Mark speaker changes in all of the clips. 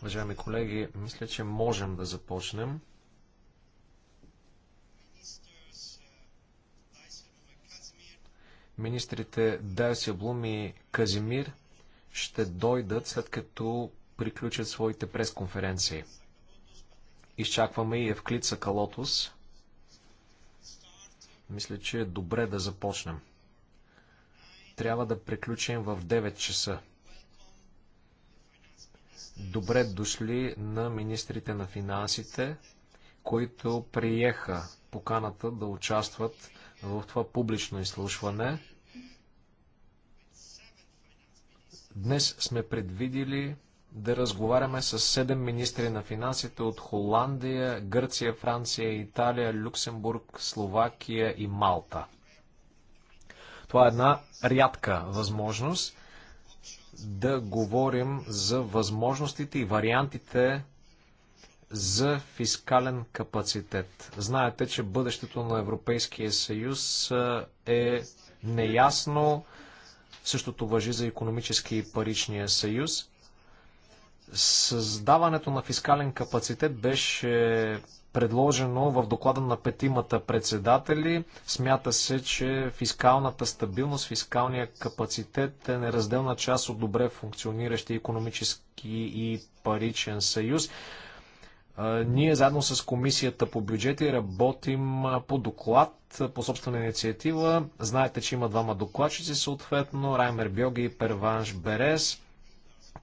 Speaker 1: Уважаеми колеги, мисля, че можем да започнем. Министрите Блум и Казимир ще дойдат след като приключат своите пресконференции. Изчакваме и Евклица Калотус. Мисля, че е добре да започнем. Трябва да приключим в 9 часа. Добре дошли на министрите на финансите, които приеха поканата да участват в това публично изслушване. Днес сме предвидили да разговаряме с седем министри на финансите от Холандия, Гърция, Франция, Италия, Люксембург, Словакия и Малта. Това е една рядка възможност да говорим за възможностите и вариантите за фискален капацитет. Знаете, че бъдещето на Европейския съюз е неясно. Същото въжи за економически и паричния съюз. Създаването на фискален капацитет беше предложено в доклада на петимата председатели. Смята се, че фискалната стабилност, фискалния капацитет е неразделна част от добре функциониращи економически и паричен съюз. Ние заедно с Комисията по бюджети работим по доклад, по собствена инициатива. Знаете, че има двама докладчици съответно, Раймер Бьоги и Перванш Берес.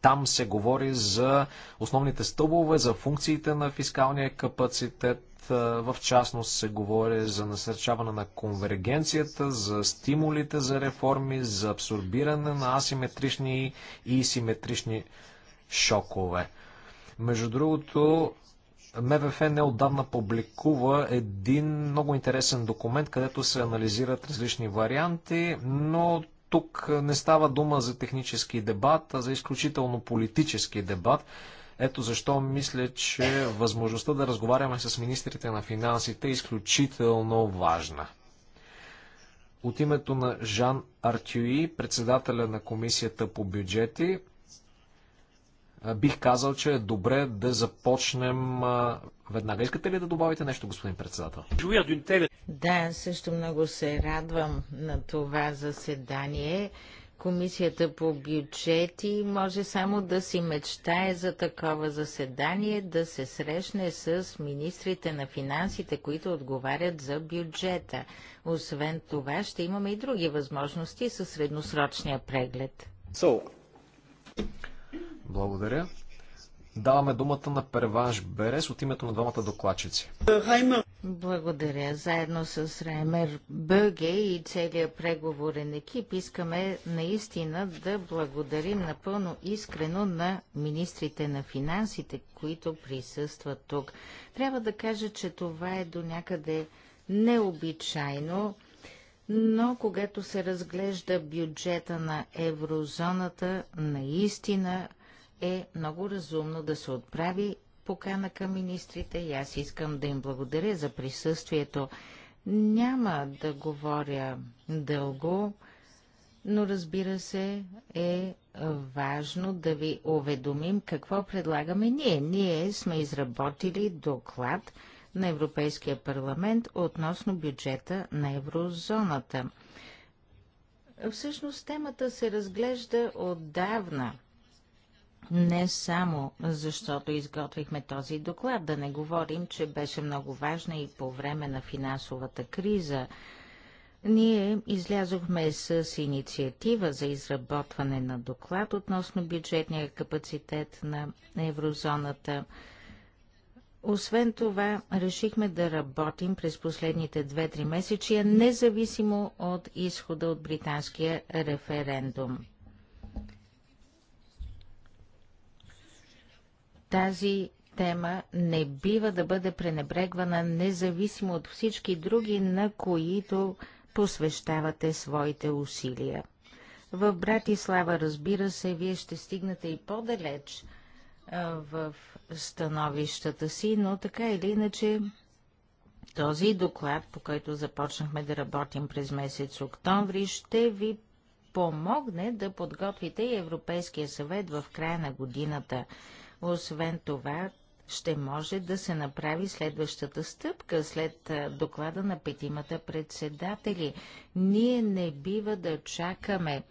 Speaker 1: Там се говори за основните стълбове, за функциите на фискалния капацитет, в частност се говори за насърчаване на конвергенцията, за стимулите за реформи, за абсорбиране на асиметрични и симетрични шокове. Между другото, МВФ неодавна публикува един много интересен документ, където се анализират различни варианти, но тук не става дума за технически дебат, а за изключително политически дебат. Ето защо мисля, че възможността да разговаряме с министрите на финансите е изключително важна. От името на Жан Артюи, председателя на Комисията по бюджети, бих казал, че е добре да започнем веднага. Искате ли да добавите нещо, господин председател?
Speaker 2: Да, също много се радвам на това заседание. Комисията по бюджети може само да си мечтае за такова заседание, да се срещне с министрите на финансите, които отговарят за бюджета. Освен това, ще имаме и други възможности със средносрочния преглед.
Speaker 1: So. Благодаря. Даваме думата на перваш Берес от името на двамата докладчици.
Speaker 2: Благодаря. Заедно с Раймер Бъге и целия преговорен екип искаме наистина да благодарим напълно искрено на министрите на финансите, които присъстват тук. Трябва да кажа, че това е до някъде необичайно но когато се разглежда бюджета на еврозоната, наистина е много разумно да се отправи покана към министрите и аз искам да им благодаря за присъствието. Няма да говоря дълго, но разбира се е важно да ви уведомим какво предлагаме ние. Ние сме изработили доклад, на Европейския парламент относно бюджета на еврозоната. Всъщност темата се разглежда отдавна. Не само защото изготвихме този доклад, да не говорим, че беше много важна и по време на финансовата криза. Ние излязохме с инициатива за изработване на доклад относно бюджетния капацитет на еврозоната. Освен това, решихме да работим през последните 2-3 месечия, независимо от изхода от британския референдум. Тази тема не бива да бъде пренебрегвана, независимо от всички други, на които посвещавате своите усилия. В Братислава, разбира се, вие ще стигнете и по-далеч в становищата си, но така или иначе този доклад, по който започнахме да работим през месец октомври, ще ви помогне да подготвите и Европейския съвет в края на годината. Освен това, ще може да се направи следващата стъпка след доклада на петимата председатели. Ние не бива да чакаме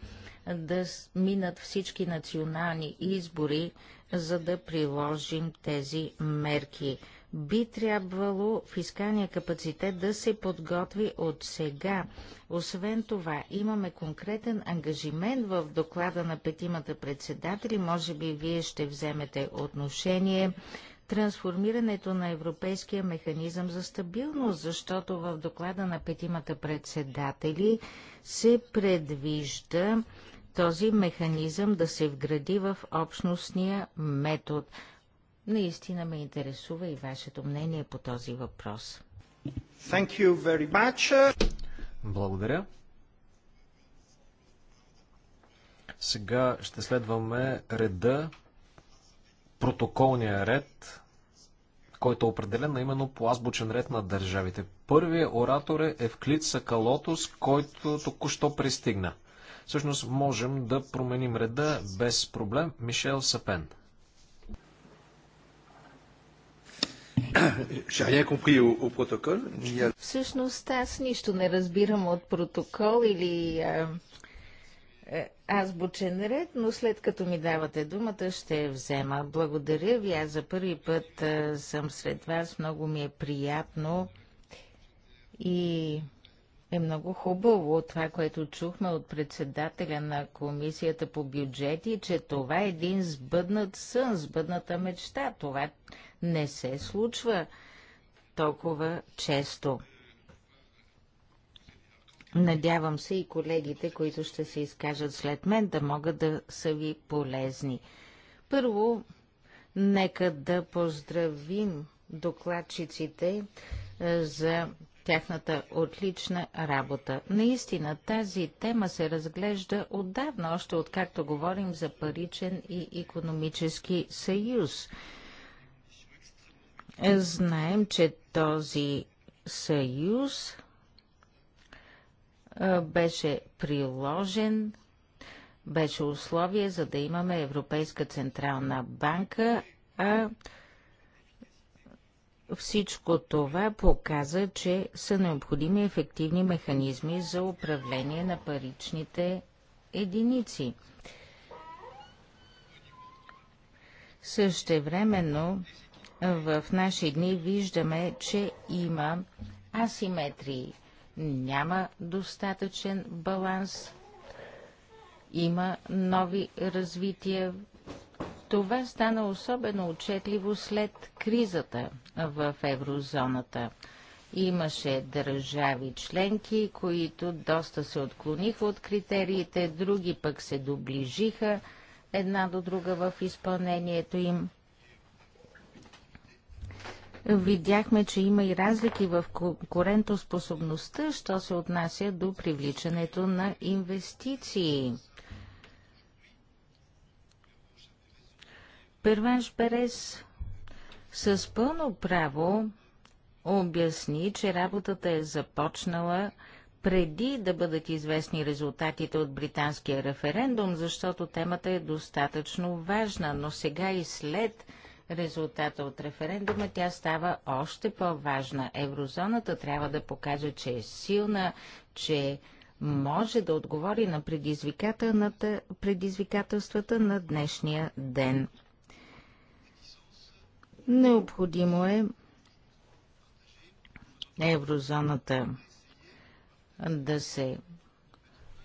Speaker 2: да минат всички национални избори, за да приложим тези мерки. Би трябвало фискалния капацитет да се подготви от сега. Освен това, имаме конкретен ангажимент в доклада на петимата председатели. Може би вие ще вземете отношение трансформирането на Европейския механизъм за стабилност, защото в доклада на петимата председатели се предвижда този механизъм да се вгради в общностния метод. Наистина ме интересува и вашето мнение по този въпрос.
Speaker 1: Thank you very much. Благодаря. Сега ще следваме реда, протоколния ред, който е определен на именно по азбучен ред на държавите. Първият оратор е Евклид Сакалотос, който току-що пристигна всъщност можем да променим реда без проблем. Мишел Сапен.
Speaker 2: Всъщност аз нищо не разбирам от протокол или а, е, азбучен ред, но след като ми давате думата, ще я взема. Благодаря ви, аз за първи път а, съм сред вас, много ми е приятно и е много хубаво това, което чухме от председателя на комисията по бюджети, че това е един сбъднат сън, сбъдната мечта. Това не се случва толкова често. Надявам се и колегите, които ще се изкажат след мен, да могат да са ви полезни. Първо, нека да поздравим докладчиците е, за тяхната отлична работа. Наистина тази тема се разглежда отдавна, още откакто говорим за паричен и економически съюз. Знаем, че този съюз беше приложен, беше условие за да имаме Европейска централна банка, а всичко това показа, че са необходими ефективни механизми за управление на паричните единици. Същевременно в наши дни виждаме, че има асиметрии. Няма достатъчен баланс, има нови развития това стана особено отчетливо след кризата в еврозоната. Имаше държави членки, които доста се отклониха от критериите, други пък се доближиха една до друга в изпълнението им. Видяхме, че има и разлики в конкурентоспособността, що се отнася до привличането на инвестиции – Перванш Берес с пълно право обясни, че работата е започнала преди да бъдат известни резултатите от британския референдум, защото темата е достатъчно важна, но сега и след резултата от референдума тя става още по-важна. Еврозоната трябва да покаже, че е силна, че може да отговори на предизвикателствата на днешния ден. Необходимо е еврозоната да се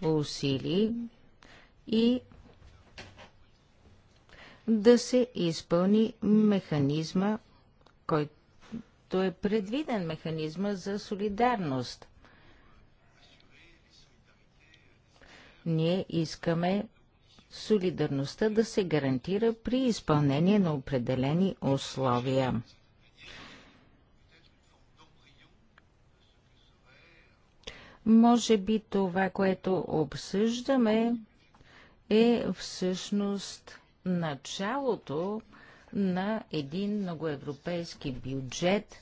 Speaker 2: усили и да се изпълни механизма, който е предвиден механизма за солидарност. Ние искаме солидарността да се гарантира при изпълнение на определени условия. Може би това, което обсъждаме, е всъщност началото на един многоевропейски бюджет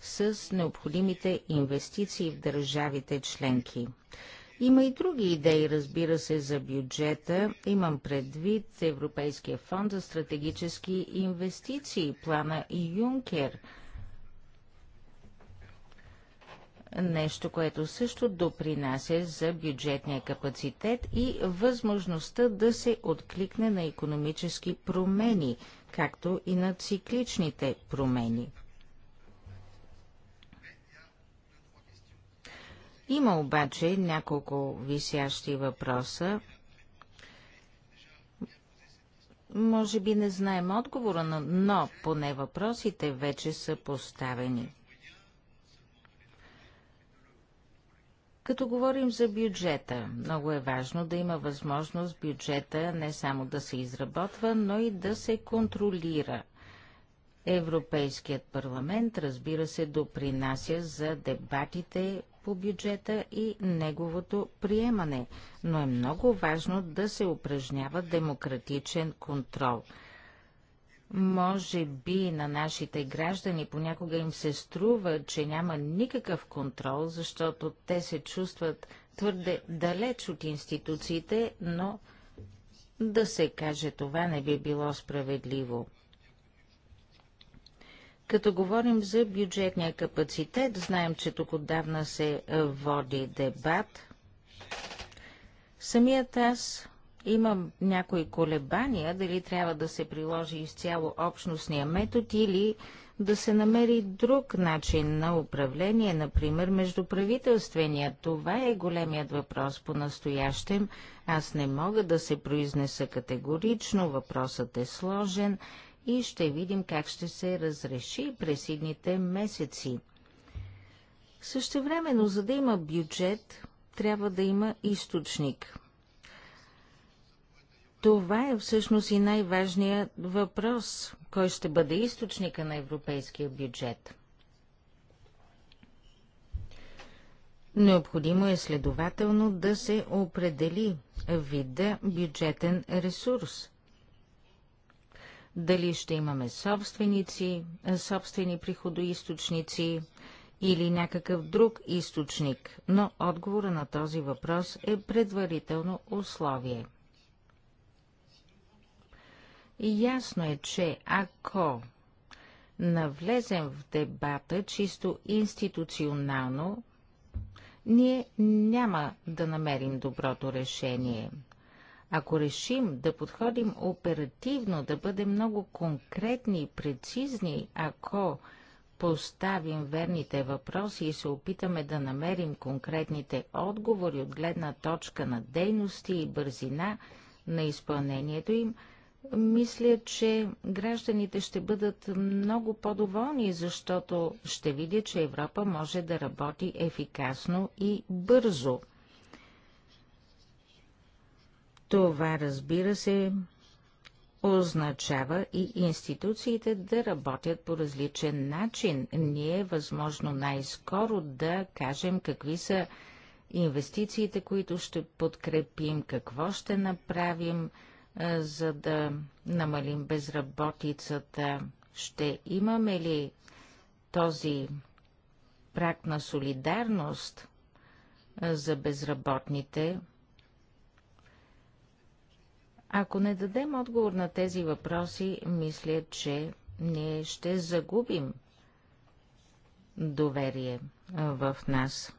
Speaker 2: с необходимите инвестиции в държавите членки. Има и други идеи, разбира се, за бюджета. Имам предвид Европейския фонд за стратегически инвестиции, плана и Юнкер. Нещо, което също допринася за бюджетния капацитет и възможността да се откликне на економически промени, както и на цикличните промени. Има обаче няколко висящи въпроса. Може би не знаем отговора, но, но поне въпросите вече са поставени. Като говорим за бюджета, много е важно да има възможност бюджета не само да се изработва, но и да се контролира. Европейският парламент, разбира се, допринася за дебатите по бюджета и неговото приемане, но е много важно да се упражнява демократичен контрол. Може би на нашите граждани понякога им се струва, че няма никакъв контрол, защото те се чувстват твърде далеч от институциите, но да се каже това не би било справедливо. Като говорим за бюджетния капацитет, знаем, че тук отдавна се води дебат. Самият аз имам някои колебания, дали трябва да се приложи изцяло общностния метод или да се намери друг начин на управление, например междуправителствения. Това е големият въпрос по-настоящем. Аз не мога да се произнеса категорично, въпросът е сложен и ще видим как ще се разреши през идните месеци. Същевременно, за да има бюджет, трябва да има източник. Това е всъщност и най-важният въпрос. Кой ще бъде източника на европейския бюджет? Необходимо е следователно да се определи вида бюджетен ресурс дали ще имаме собственици, е, собствени приходоисточници или някакъв друг източник, но отговора на този въпрос е предварително условие. Ясно е, че ако навлезем в дебата чисто институционално, ние няма да намерим доброто решение – ако решим да подходим оперативно, да бъдем много конкретни и прецизни, ако поставим верните въпроси и се опитаме да намерим конкретните отговори от гледна точка на дейности и бързина на изпълнението им, мисля, че гражданите ще бъдат много по-доволни, защото ще видят, че Европа може да работи ефикасно и бързо. Това, разбира се, означава и институциите да работят по различен начин. Ние е възможно най-скоро да кажем какви са инвестициите, които ще подкрепим, какво ще направим, за да намалим безработицата. Ще имаме ли този прак на солидарност за безработните? Ако не дадем отговор на тези въпроси, мисля, че ние ще загубим доверие в нас.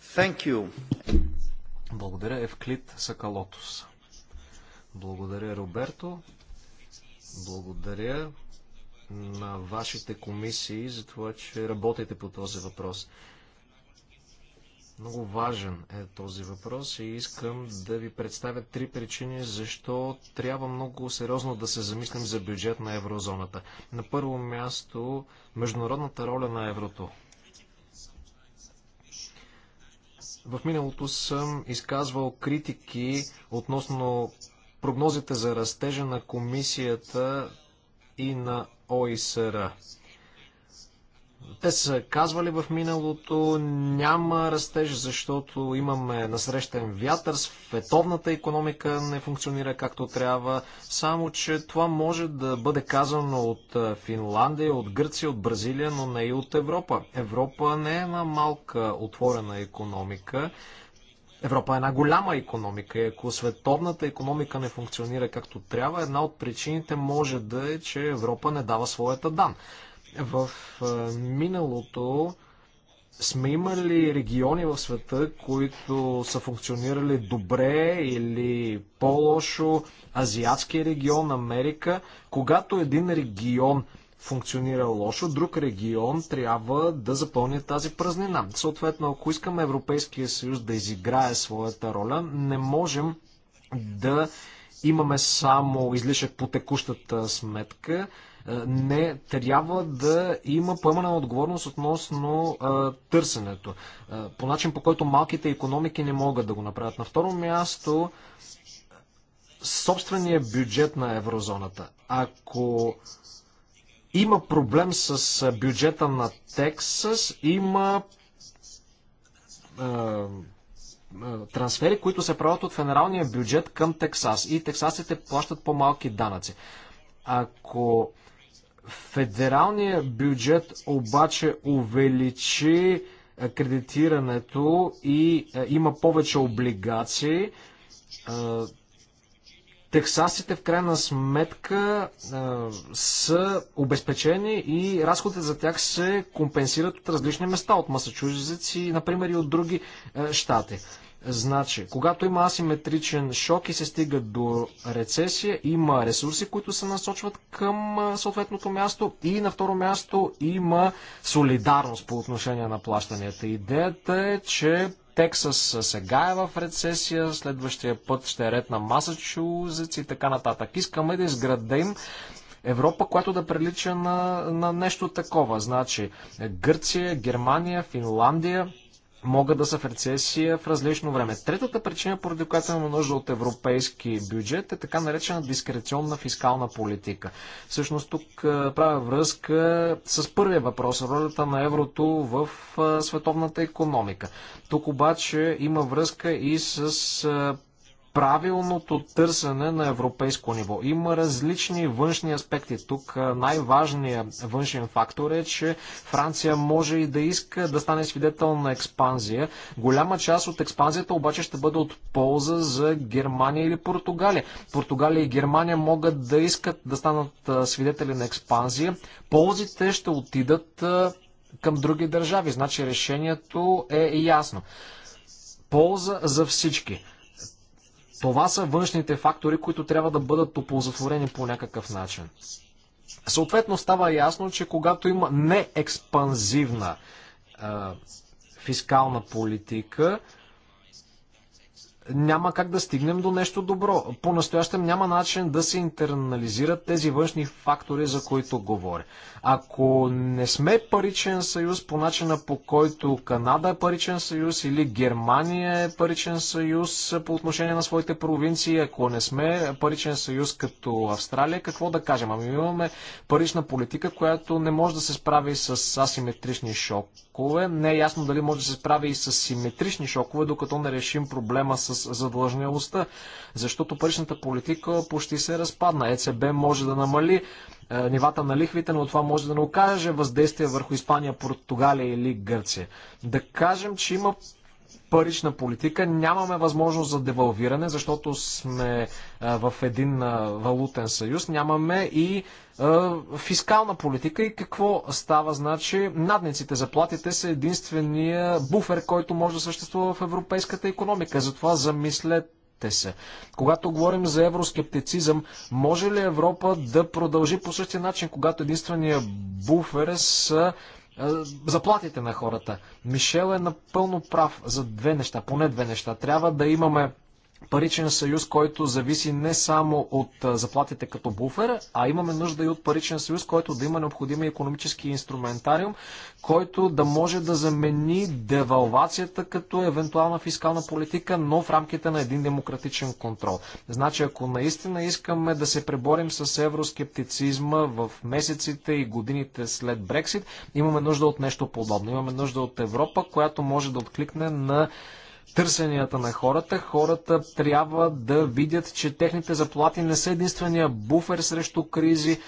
Speaker 1: Thank you. Благодаря Евклид Сакалотус. Благодаря Роберто. Благодаря на вашите комисии за това, че работите по този въпрос. Много важен е този въпрос и искам да ви представя три причини, защо трябва много сериозно да се замислим за бюджет на еврозоната. На първо място, международната роля на еврото. В миналото съм изказвал критики относно прогнозите за растежа на комисията и на ОИСР. Те са казвали в миналото, няма растеж, защото имаме насрещен вятър, световната економика не функционира както трябва, само че това може да бъде казано от Финландия, от Гърция, от Бразилия, но не и от Европа. Европа не е една малка отворена економика, Европа е една голяма економика и ако световната економика не функционира както трябва, една от причините може да е, че Европа не дава своята дан. В миналото сме имали региони в света, които са функционирали добре или по-лошо, Азиатския регион, Америка. Когато един регион функционира лошо, друг регион трябва да запълни тази празнина. Съответно, ако искаме Европейския съюз да изиграе своята роля, не можем да имаме само излишък по текущата сметка, е, не трябва да има поемане на отговорност относно а, е, търсенето. А, е, по начин, по който малките економики не могат да го направят. На второ място, собствения бюджет на еврозоната. Ако има проблем с бюджета на Тексас, има трансфери, които се правят от федералния бюджет към Тексас. И тексасите плащат по-малки данъци. Ако Федералният бюджет обаче увеличи е, кредитирането и е, има повече облигации. Е, Тексасите в крайна сметка са обезпечени и разходите за тях се компенсират от различни места, от Масачузетс и, например, и от други щати. Значи, когато има асиметричен шок и се стига до рецесия, има ресурси, които се насочват към съответното място и на второ място има солидарност по отношение на плащанията. Идеята е, че Тексас сега е в рецесия, следващия път ще е ред на Масачузетс и така нататък. Искаме да изградим Европа, която да прилича на, на нещо такова. Значи Гърция, Германия, Финландия, могат да са в рецесия в различно време. Третата причина, поради която имаме нужда от европейски бюджет, е така наречена дискреционна фискална политика. Всъщност тук е, правя връзка с първия въпрос, ролята на еврото в е, световната економика. Тук обаче има връзка и с е, правилното търсене на европейско ниво. Има различни външни аспекти. Тук най-важният външен фактор е, че Франция може и да иска да стане свидетел на експанзия. Голяма част от експанзията обаче ще бъде от полза за Германия или Португалия. Португалия и Германия могат да искат да станат свидетели на експанзия. Ползите ще отидат към други държави. Значи решението е ясно. Полза за всички. Това са външните фактори, които трябва да бъдат оползотворени по някакъв начин. Съответно става ясно, че когато има неекспанзивна е, фискална политика, няма как да стигнем до нещо добро. По-настоящем няма начин да се интернализират тези външни фактори, за които говоря. Ако не сме паричен съюз по начина по който Канада е паричен съюз или Германия е паричен съюз по отношение на своите провинции, ако не сме паричен съюз като Австралия, какво да кажем? Ами имаме парична политика, която не може да се справи с асиметричния шок шокове. Не е ясно дали може да се справи и с симетрични шокове, докато не решим проблема с задлъжнялостта, защото паричната политика почти се разпадна. ЕЦБ може да намали е, нивата на лихвите, но това може да не окаже въздействие върху Испания, Португалия или Гърция. Да кажем, че има парична политика. Нямаме възможност за девалвиране, защото сме в един валутен съюз. Нямаме и фискална политика. И какво става? Значи надниците, заплатите са единствения буфер, който може да съществува в европейската економика. Затова замислете те се. Когато говорим за евроскептицизъм, може ли Европа да продължи по същия начин, когато единствения буфер са е, заплатите на хората. Мишел е напълно прав за две неща, поне две неща. Трябва да имаме паричен съюз, който зависи не само от заплатите като буфер, а имаме нужда и от паричен съюз, който да има необходим економически инструментариум, който да може да замени девалвацията като евентуална фискална политика, но в рамките на един демократичен контрол. Значи, ако наистина искаме да се преборим с евроскептицизма в месеците и годините след Брексит, имаме нужда от нещо подобно. Имаме нужда от Европа, която може да откликне на търсенията на хората. Хората трябва да видят, че техните заплати не са единствения буфер срещу кризи,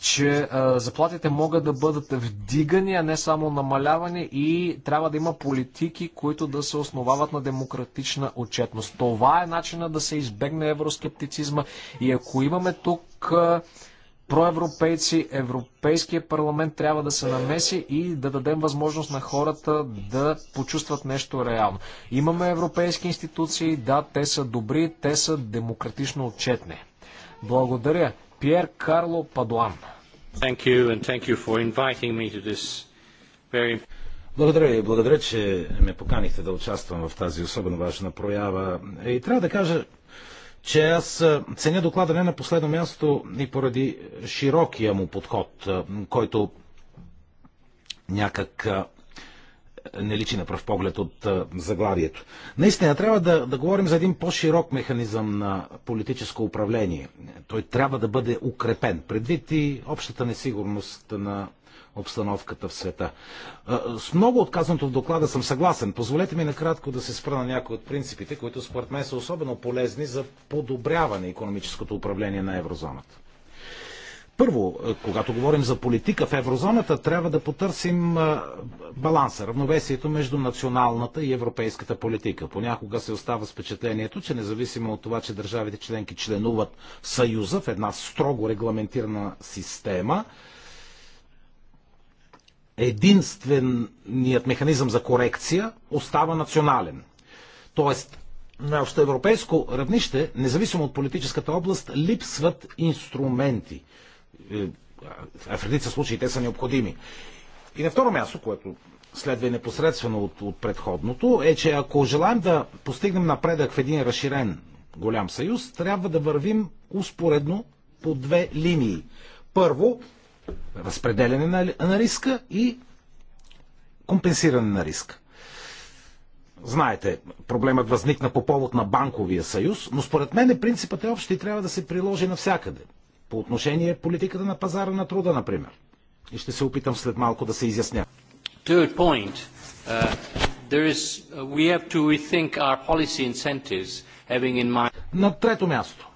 Speaker 1: че а, заплатите могат да бъдат вдигани, а не само намалявани и трябва да има политики, които да се основават на демократична отчетност. Това е начина да се избегне евроскептицизма и ако имаме тук а, проевропейци, Европейския парламент трябва да се намеси и да дадем възможност на хората да почувстват нещо реално. Имаме европейски институции, да, те са добри, те са демократично отчетни. Благодаря. Пьер Карло Падуан. Very...
Speaker 3: Благодаря и благодаря, че ме поканихте да участвам в тази особено важна проява. И трябва да кажа, че аз ценя доклада не на последно място и поради широкия му подход, който някак не личи на пръв поглед от заглавието. Наистина, трябва да, да говорим за един по-широк механизъм на политическо управление. Той трябва да бъде укрепен, предвид и общата несигурност на обстановката в света. С много отказаното в доклада съм съгласен. Позволете ми накратко да се спра на някои от принципите, които според мен са особено полезни за подобряване економическото управление на еврозоната. Първо, е, когато говорим за политика в еврозоната, трябва да потърсим е, баланса, равновесието между националната и европейската политика. Понякога се остава с впечатлението, че независимо от това, че държавите членки членуват в Съюза в една строго регламентирана система, единственият механизъм за корекция остава национален. Тоест, на общоевропейско равнище, независимо от политическата област, липсват инструменти – е, в редица случаи те са необходими. И на второ място, което следва и непосредствено от, от предходното, е, че ако желаем да постигнем напредък в един разширен голям съюз, трябва да вървим успоредно по две линии. Първо, разпределяне на, на риска и компенсиране на риска. Знаете, проблемът възникна по повод на банковия съюз, но според мен принципът е общ и трябва да се приложи навсякъде по отношение политиката на пазара на труда, например. И ще се опитам след малко да се изясня.
Speaker 1: Third point. Uh, there is, uh, we have to rethink our policy incentives
Speaker 3: having in mind... На трето място.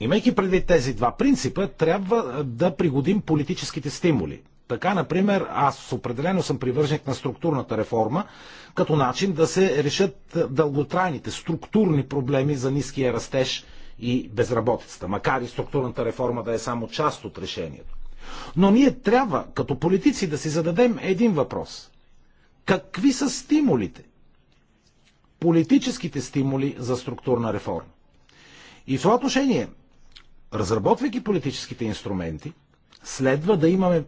Speaker 3: Имайки предвид тези два принципа, трябва да пригодим политическите стимули. Така, например, аз определено съм привърженик на структурната реформа, като начин да се решат дълготрайните структурни проблеми за ниския растеж – и безработицата, макар и структурната реформа да е само част от решението. Но ние трябва, като политици, да си зададем един въпрос. Какви са стимулите? Политическите стимули за структурна реформа. И в това отношение, разработвайки политическите инструменти, следва да имаме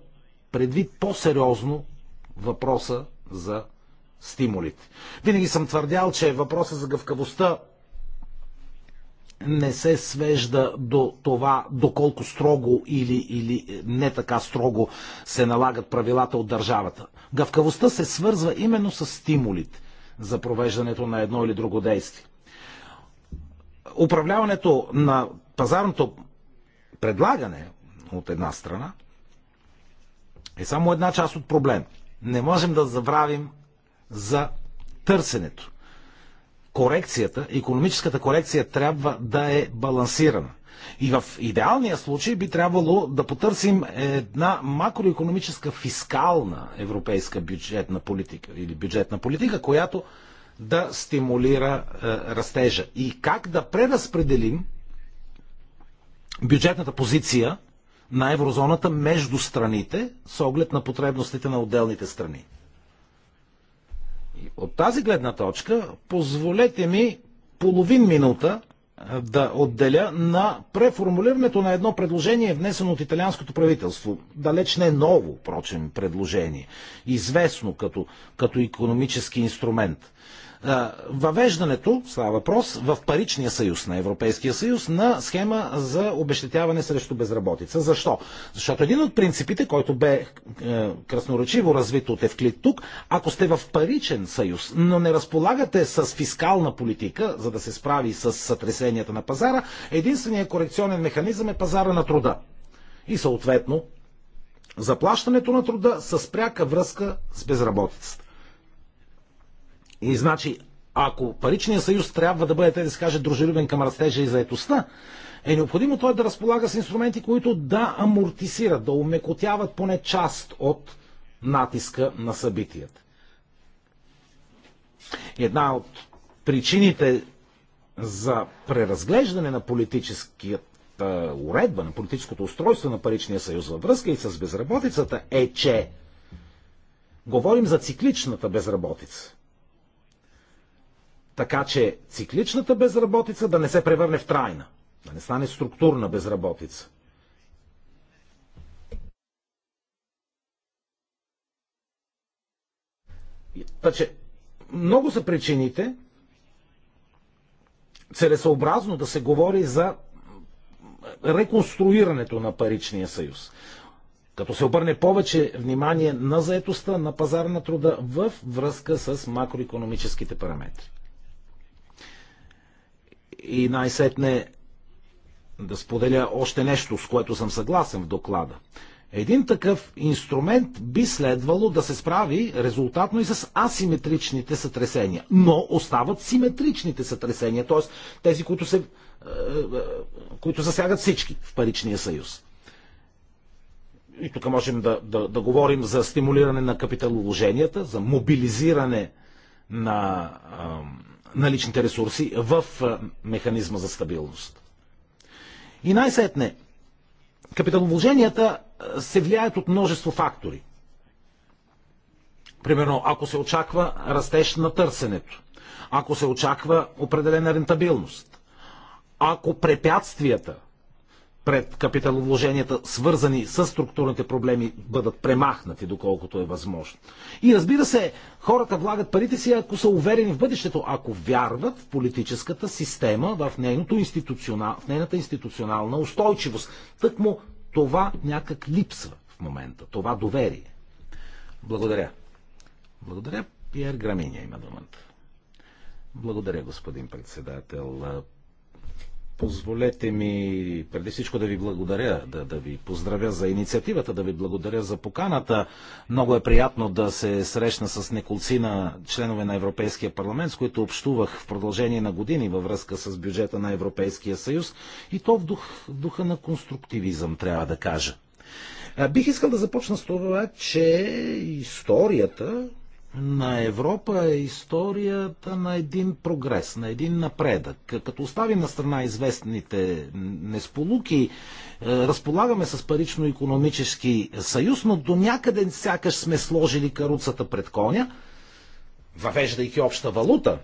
Speaker 3: предвид по-сериозно въпроса за стимулите. Винаги съм твърдял, че въпроса за гъвкавостта не се свежда до това доколко строго или, или не така строго се налагат правилата от държавата. Гъвкавостта се свързва именно с стимулите за провеждането на едно или друго действие. Управляването на пазарното предлагане от една страна е само една част от проблем. Не можем да забравим за търсенето корекцията, економическата корекция трябва да е балансирана. И в идеалния случай би трябвало да потърсим една макроекономическа фискална европейска бюджетна политика или бюджетна политика, която да стимулира е, растежа. И как да преразпределим бюджетната позиция на еврозоната между страните с оглед на потребностите на отделните страни от тази гледна точка, позволете ми половин минута да отделя на преформулирането на едно предложение, внесено от италианското правителство. Далеч не ново, прочим, предложение. Известно като, като економически инструмент. Въвеждането, става въпрос, в паричния съюз на Европейския съюз на схема за обещетяване срещу безработица. Защо? Защото един от принципите, който бе е, красноречиво развит от Евклид тук, ако сте в паричен съюз, но не разполагате с фискална политика, за да се справи с сътресение явленията на пазара, единственият корекционен механизъм е пазара на труда. И съответно, заплащането на труда с пряка връзка с безработицата. И значи, ако паричният съюз трябва да бъде, те да се каже, дружелюбен към растежа и заетостта, е необходимо той да разполага с инструменти, които да амортисират, да умекотяват поне част от натиска на събитията. Една от причините за преразглеждане на политическата уредба, на политическото устройство на паричния съюз във връзка и с безработицата е, че говорим за цикличната безработица. Така че цикличната безработица да не се превърне в трайна, да не стане структурна безработица. Та, че много са причините, целесообразно да се говори за реконструирането на паричния съюз. Като се обърне повече внимание на заетостта на пазара на труда в връзка с макроекономическите параметри. И най-сетне да споделя още нещо, с което съм съгласен в доклада – един такъв инструмент би следвало да се справи резултатно и с асиметричните сътресения. Но остават симетричните сътресения, т.е. тези, които, се, е, е, които засягат всички в паричния съюз. И тук можем да, да, да говорим за стимулиране на капиталоложенията, за мобилизиране на е, наличните ресурси в механизма за стабилност. И най-сетне, капиталовложенията е, се влияят от множество фактори. Примерно, ако се очаква растеж на търсенето, ако се очаква определена рентабилност, ако препятствията пред капиталовложенията, свързани с структурните проблеми, бъдат премахнати, доколкото е възможно. И разбира се, хората влагат парите си, ако са уверени в бъдещето, ако вярват в политическата система, в, нейното институционал, в нейната институционална устойчивост. Тък му това някак липсва в момента, това доверие. Благодаря. Благодаря. Пьер Граминя има думата. Благодаря, господин председател. Позволете ми преди всичко да ви благодаря, да, да ви поздравя за инициативата, да ви благодаря за поканата. Много е приятно да се срещна с неколцина членове на Европейския парламент, с които общувах в продължение на години във връзка с бюджета на Европейския съюз и то в, дух, в духа на конструктивизъм, трябва да кажа. Бих искал да започна с това, че историята на Европа е историята на един прогрес, на един напредък. Като оставим на страна известните несполуки, е, разполагаме с парично-економически съюз, но до някъде сякаш сме сложили каруцата пред коня, въвеждайки обща валута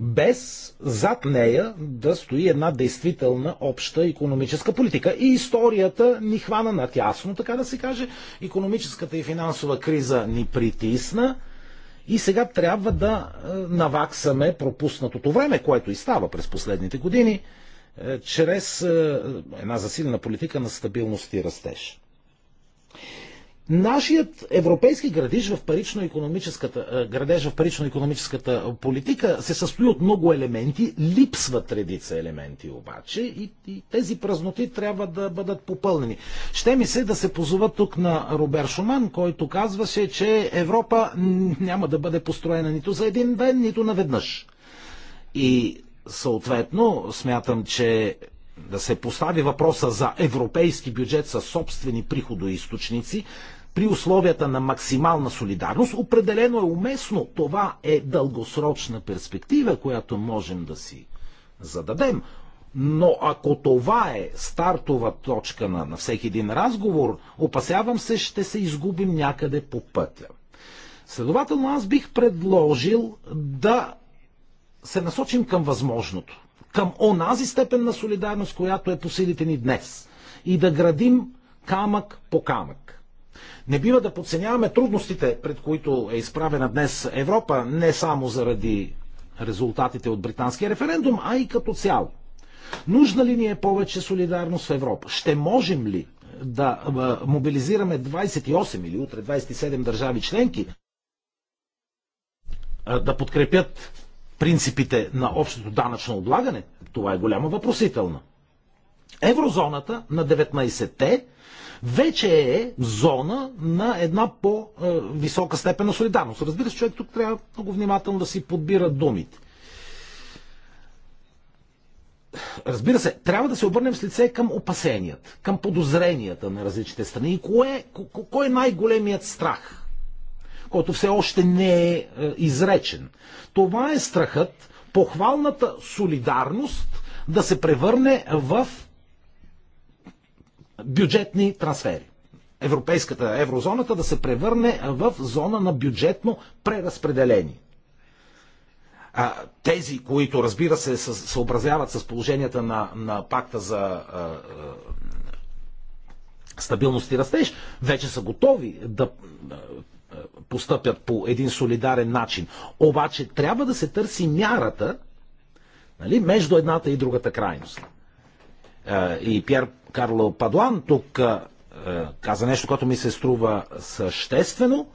Speaker 3: без зад нея да стои една действителна обща економическа политика. И историята ни хвана на тясно, така да се каже. Економическата и финансова криза ни притисна. И сега трябва да е, наваксаме пропуснатото време, което и става през последните години, е, чрез е, една засилена политика на стабилност и растеж. Нашият европейски е, градеж в парично-економическата, градеж в парично-економическата политика се състои от много елементи, липсват редица елементи обаче и, и тези празноти трябва да бъдат попълнени. Ще ми се да се позова тук на Робер Шуман, който казваше, че Европа няма да бъде построена нито за един ден, нито наведнъж. И съответно смятам, че да се постави въпроса за европейски бюджет със собствени приходоисточници, при условията на максимална солидарност, определено е уместно. Това е дългосрочна перспектива, която можем да си зададем. Но ако това е стартова точка на, на всеки един разговор, опасявам се, ще се изгубим някъде по пътя. Следователно, аз бих предложил да се насочим към възможното към онази степен на солидарност, която е по силите ни днес. И да градим камък по камък. Не бива да подценяваме трудностите, пред които е изправена днес Европа, не само заради резултатите от британския референдум, а и като цяло. Нужна ли ни е повече солидарност в Европа? Ще можем ли да мобилизираме 28 или утре 27 държави членки да подкрепят принципите на общото данъчно облагане, това е голяма въпросителна. Еврозоната на 19-те вече е зона на една по-висока степен на солидарност. Разбира се, човек тук трябва много внимателно да си подбира думите. Разбира се, трябва да се обърнем с лице към опасенията, към подозренията на различните страни. И кое, кой е най-големият страх който все още не е, е изречен. Това е страхът похвалната солидарност да се превърне в бюджетни трансфери. Европейската еврозоната да се превърне в зона на бюджетно преразпределение. А, тези, които разбира се съобразяват с положенията на, на пакта за а, а, стабилност и растеж, вече са готови да постъпят по един солидарен начин. Обаче трябва да се търси мярата нали, между едната и другата крайност. Е, и Пьер Карло Падлан тук е, каза нещо, което ми се струва съществено,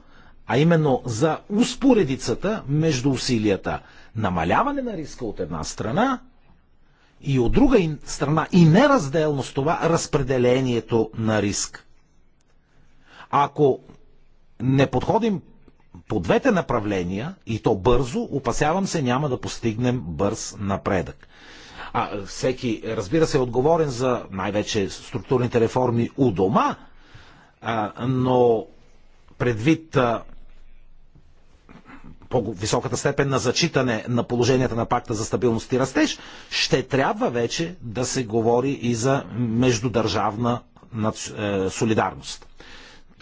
Speaker 3: а именно за успоредицата между усилията. Намаляване на риска от една страна и от друга страна и неразделно с това разпределението на риск. Ако не подходим по двете направления и то бързо, опасявам се, няма да постигнем бърз напредък. А всеки, разбира се, е отговорен за най-вече структурните реформи у дома, а, но предвид а, по-високата степен на зачитане на положенията на пакта за стабилност и растеж, ще трябва вече да се говори и за междудържавна е, солидарност.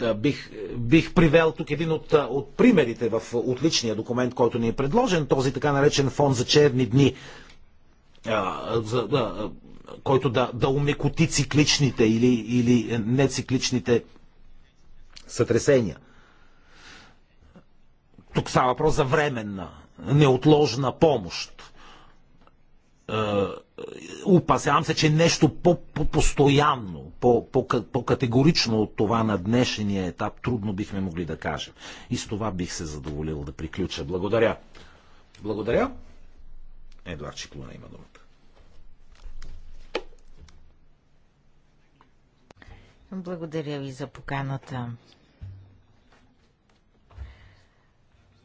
Speaker 3: Е, бих, бих привел тук един от, е, от примерите в отличния документ, който ни е предложен, този така наречен фонд за черни дни, а, е, за, да, който да, да умекоти цикличните или, или нецикличните сътресения. Тук става въпрос за временна, неотложна помощ е, опасявам се, че нещо по-постоянно, по-категорично от това на днешния етап трудно бихме могли да кажем. И с това бих се задоволил да приключа. Благодаря. Благодаря. Едуард Чиклуна има думата.
Speaker 2: Благодаря ви за поканата.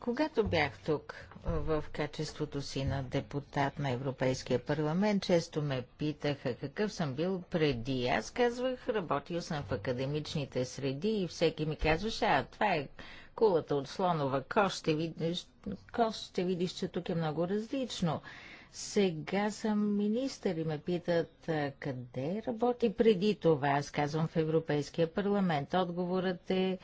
Speaker 2: Когато бях тук в качеството си на депутат на Европейския парламент често ме питаха какъв съм бил преди. Аз казвах, работил съм в академичните среди и всеки ми казваше, а това е кулата от слонова кост, ще видиш, кост, ще видиш че тук е много различно. Сега съм министър и ме питат а, къде работи преди това. Аз казвам в Европейския парламент. Отговорът е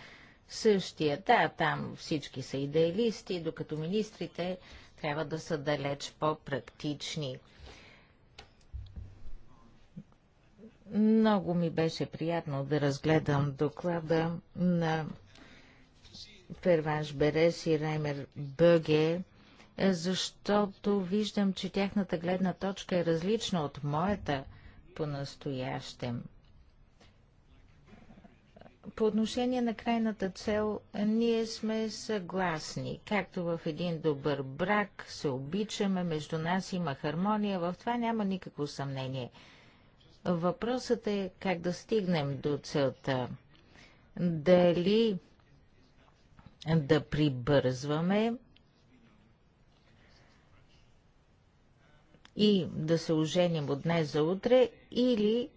Speaker 2: същия. Да, там всички са идеалисти, докато министрите трябва да са далеч по-практични. Много ми беше приятно да разгледам доклада на Ферванш Берес и Раймер Бъге, защото виждам, че тяхната гледна точка е различна от моята по-настоящем. По отношение на крайната цел, ние сме съгласни. Както в един добър брак се обичаме, между нас има хармония, в това няма никакво съмнение. Въпросът е как да стигнем до целта. Дали да прибързваме и да се оженим от днес за утре или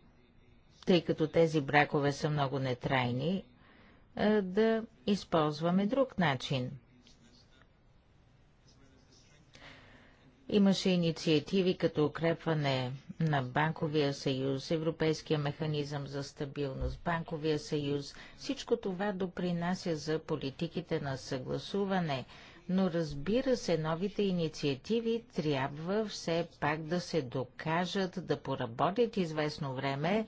Speaker 2: тъй като тези бракове са много нетрайни, да използваме друг начин. Имаше инициативи като укрепване на Банковия съюз, Европейския механизъм за стабилност, Банковия съюз. Всичко това допринася за политиките на съгласуване, но разбира се, новите инициативи трябва все пак да се докажат, да поработят известно време,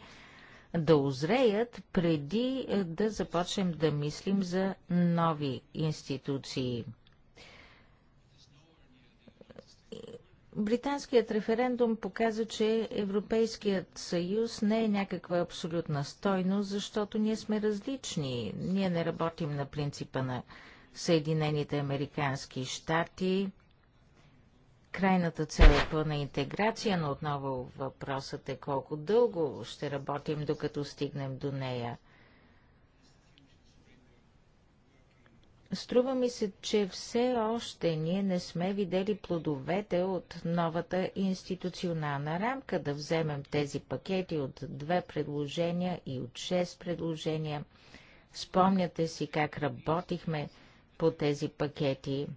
Speaker 2: да озреят преди е, да започнем да мислим за нови институции. Британският референдум показа, че Европейският съюз не е някаква абсолютна стойност, защото ние сме различни. Ние не работим на принципа на Съединените американски щати. Крайната цел е пълна интеграция, но отново въпросът е колко дълго ще работим, докато стигнем до нея. Струва ми се, че все още ние не сме видели плодовете от новата институционална рамка, да вземем тези пакети от две предложения и от шест предложения. Спомняте си как работихме по тези пакети –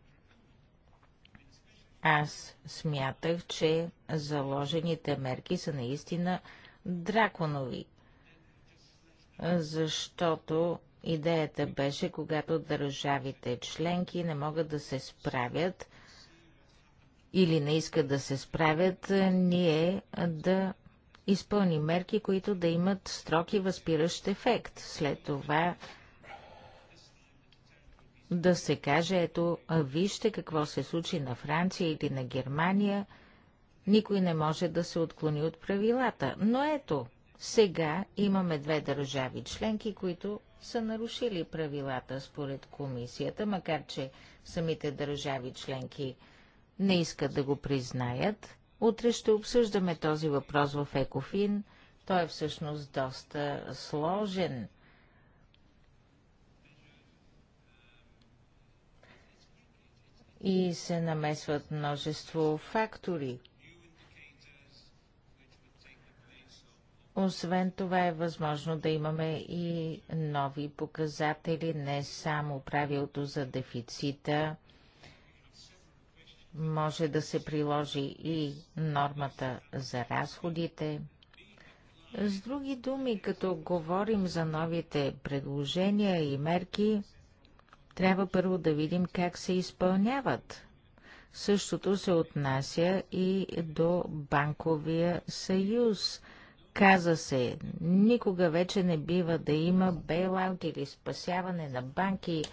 Speaker 2: аз смятах, че заложените мерки са наистина драконови, защото идеята беше, когато държавите членки не могат да се справят или не искат да се справят, ние да изпълни мерки, които да имат строг и възпиращ ефект. След това да се каже, ето, вижте какво се случи на Франция или на Германия, никой не може да се отклони от правилата. Но ето, сега имаме две държави членки, които са нарушили правилата според комисията, макар че самите държави членки не искат да го признаят. Утре ще обсъждаме този въпрос в Екофин. Той е всъщност доста сложен и се намесват множество фактори. Освен това е възможно да имаме и нови показатели, не само правилото за дефицита, може да се приложи и нормата за разходите. С други думи, като говорим за новите предложения и мерки, трябва първо да видим как се изпълняват. Същото се отнася и до банковия съюз. Каза се, никога вече не бива да има бейлаут или спасяване на банки.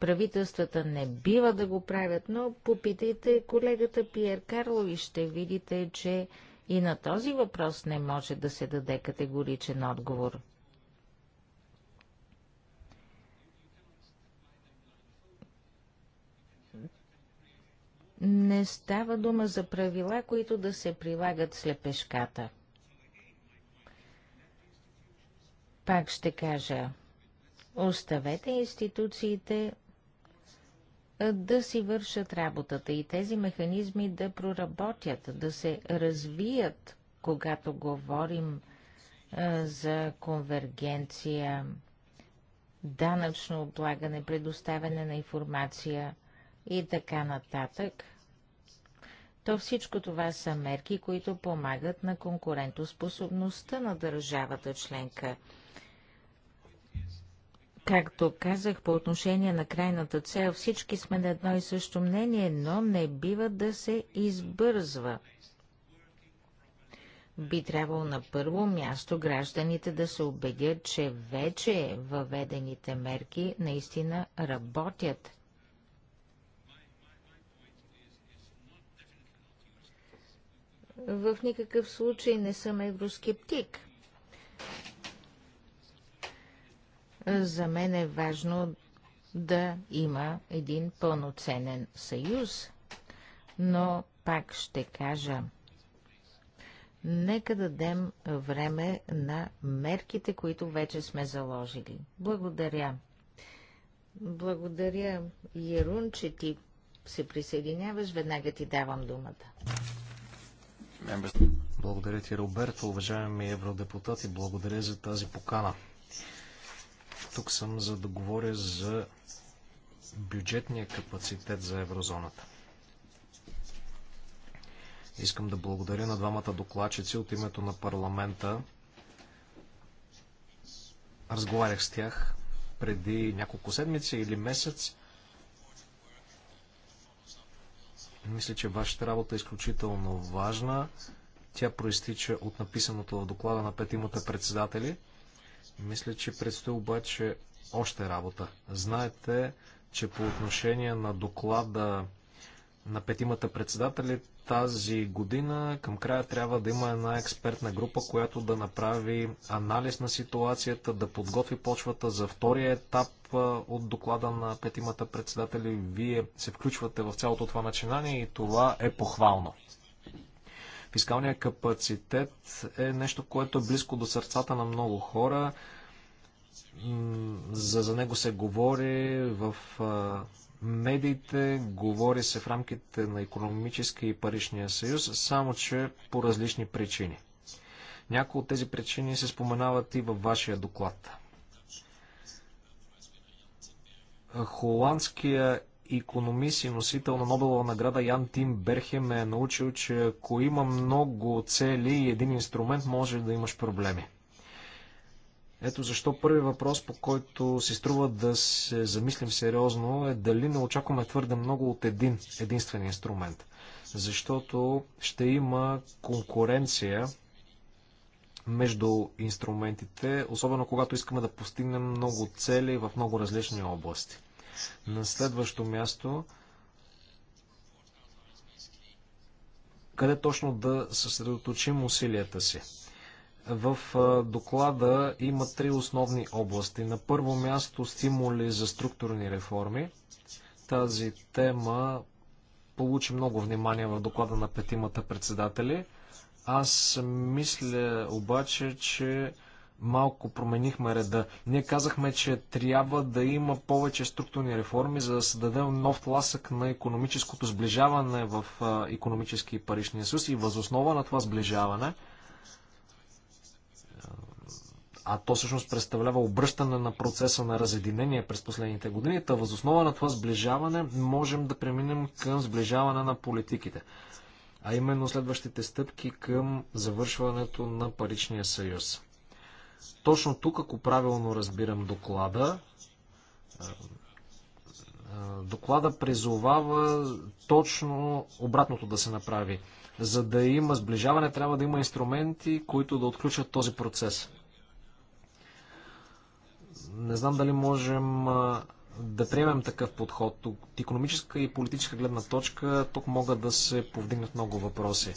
Speaker 2: Правителствата не бива да го правят, но попитайте колегата Пиер Карло и ще видите, че и на този въпрос не може да се даде категоричен отговор. Не става дума за правила, които да се прилагат слепешката. Пак ще кажа, оставете институциите да си вършат работата и тези механизми да проработят, да се развият, когато говорим за конвергенция, данъчно облагане, предоставяне на информация – и така нататък, то всичко това са мерки, които помагат на конкурентоспособността на държавата членка. Както казах по отношение на крайната цел, всички сме на едно и също мнение, но не бива да се избързва. Би трябвало на първо място гражданите да се убедят, че вече въведените мерки наистина работят. В никакъв случай не съм евроскептик. За мен е важно да има един пълноценен съюз, но пак ще кажа, нека дадем време на мерките, които вече сме заложили. Благодаря. Благодаря, Ерун, че ти се присъединяваш. Веднага ти давам думата.
Speaker 1: Благодаря ти, Роберто. Уважаеми евродепутати, благодаря за тази покана. Тук съм за да говоря за бюджетния капацитет за еврозоната. Искам да благодаря на двамата докладчици от името на парламента. Разговарях с тях преди няколко седмици или месец. Мисля, че вашата работа е изключително важна. Тя проистича от написаното в доклада на петимата председатели. Мисля, че предстои обаче още работа. Знаете, че по отношение на доклада на петимата председатели тази година към края трябва да има една експертна група, която да направи анализ на ситуацията, да подготви почвата за втория етап от доклада на петимата председатели. Вие се включвате в цялото това начинание и това е похвално. Фискалният капацитет е нещо, което е близко до сърцата на много хора. За, за него се говори в медиите, говори се в рамките на економическия и паричния съюз, само че по различни причини. Някои от тези причини се споменават и във вашия доклад. Холандския економист и носител на Нобелова награда Ян Тим Берхем е научил, че ако има много цели и един инструмент, може да имаш проблеми. Ето защо първи въпрос, по който си струва да се замислим сериозно, е дали не очакваме твърде много от един единствен инструмент. Защото ще има конкуренция между инструментите, особено когато искаме да постигнем много цели в много различни области. На следващо място, къде точно да съсредоточим усилията си? В доклада има три основни области. На първо място стимули за структурни реформи. Тази тема получи много внимание в доклада на петимата председатели. Аз мисля обаче, че малко променихме реда. Ние казахме, че трябва да има повече структурни реформи, за да се даде нов тласък на економическото сближаване в економически и паричния съюз и възоснова на това сближаване а то всъщност представлява обръщане на процеса на разединение през последните години, та възоснова на това сближаване можем да преминем към сближаване на политиките, а именно следващите стъпки към завършването на паричния съюз. Точно тук, ако правилно разбирам доклада, е, е, доклада призовава точно обратното да се направи. За да има сближаване, трябва да има инструменти, които да отключат този процес. Не знам дали можем е, да приемем такъв подход. От економическа и политическа гледна точка тук могат да се повдигнат много въпроси.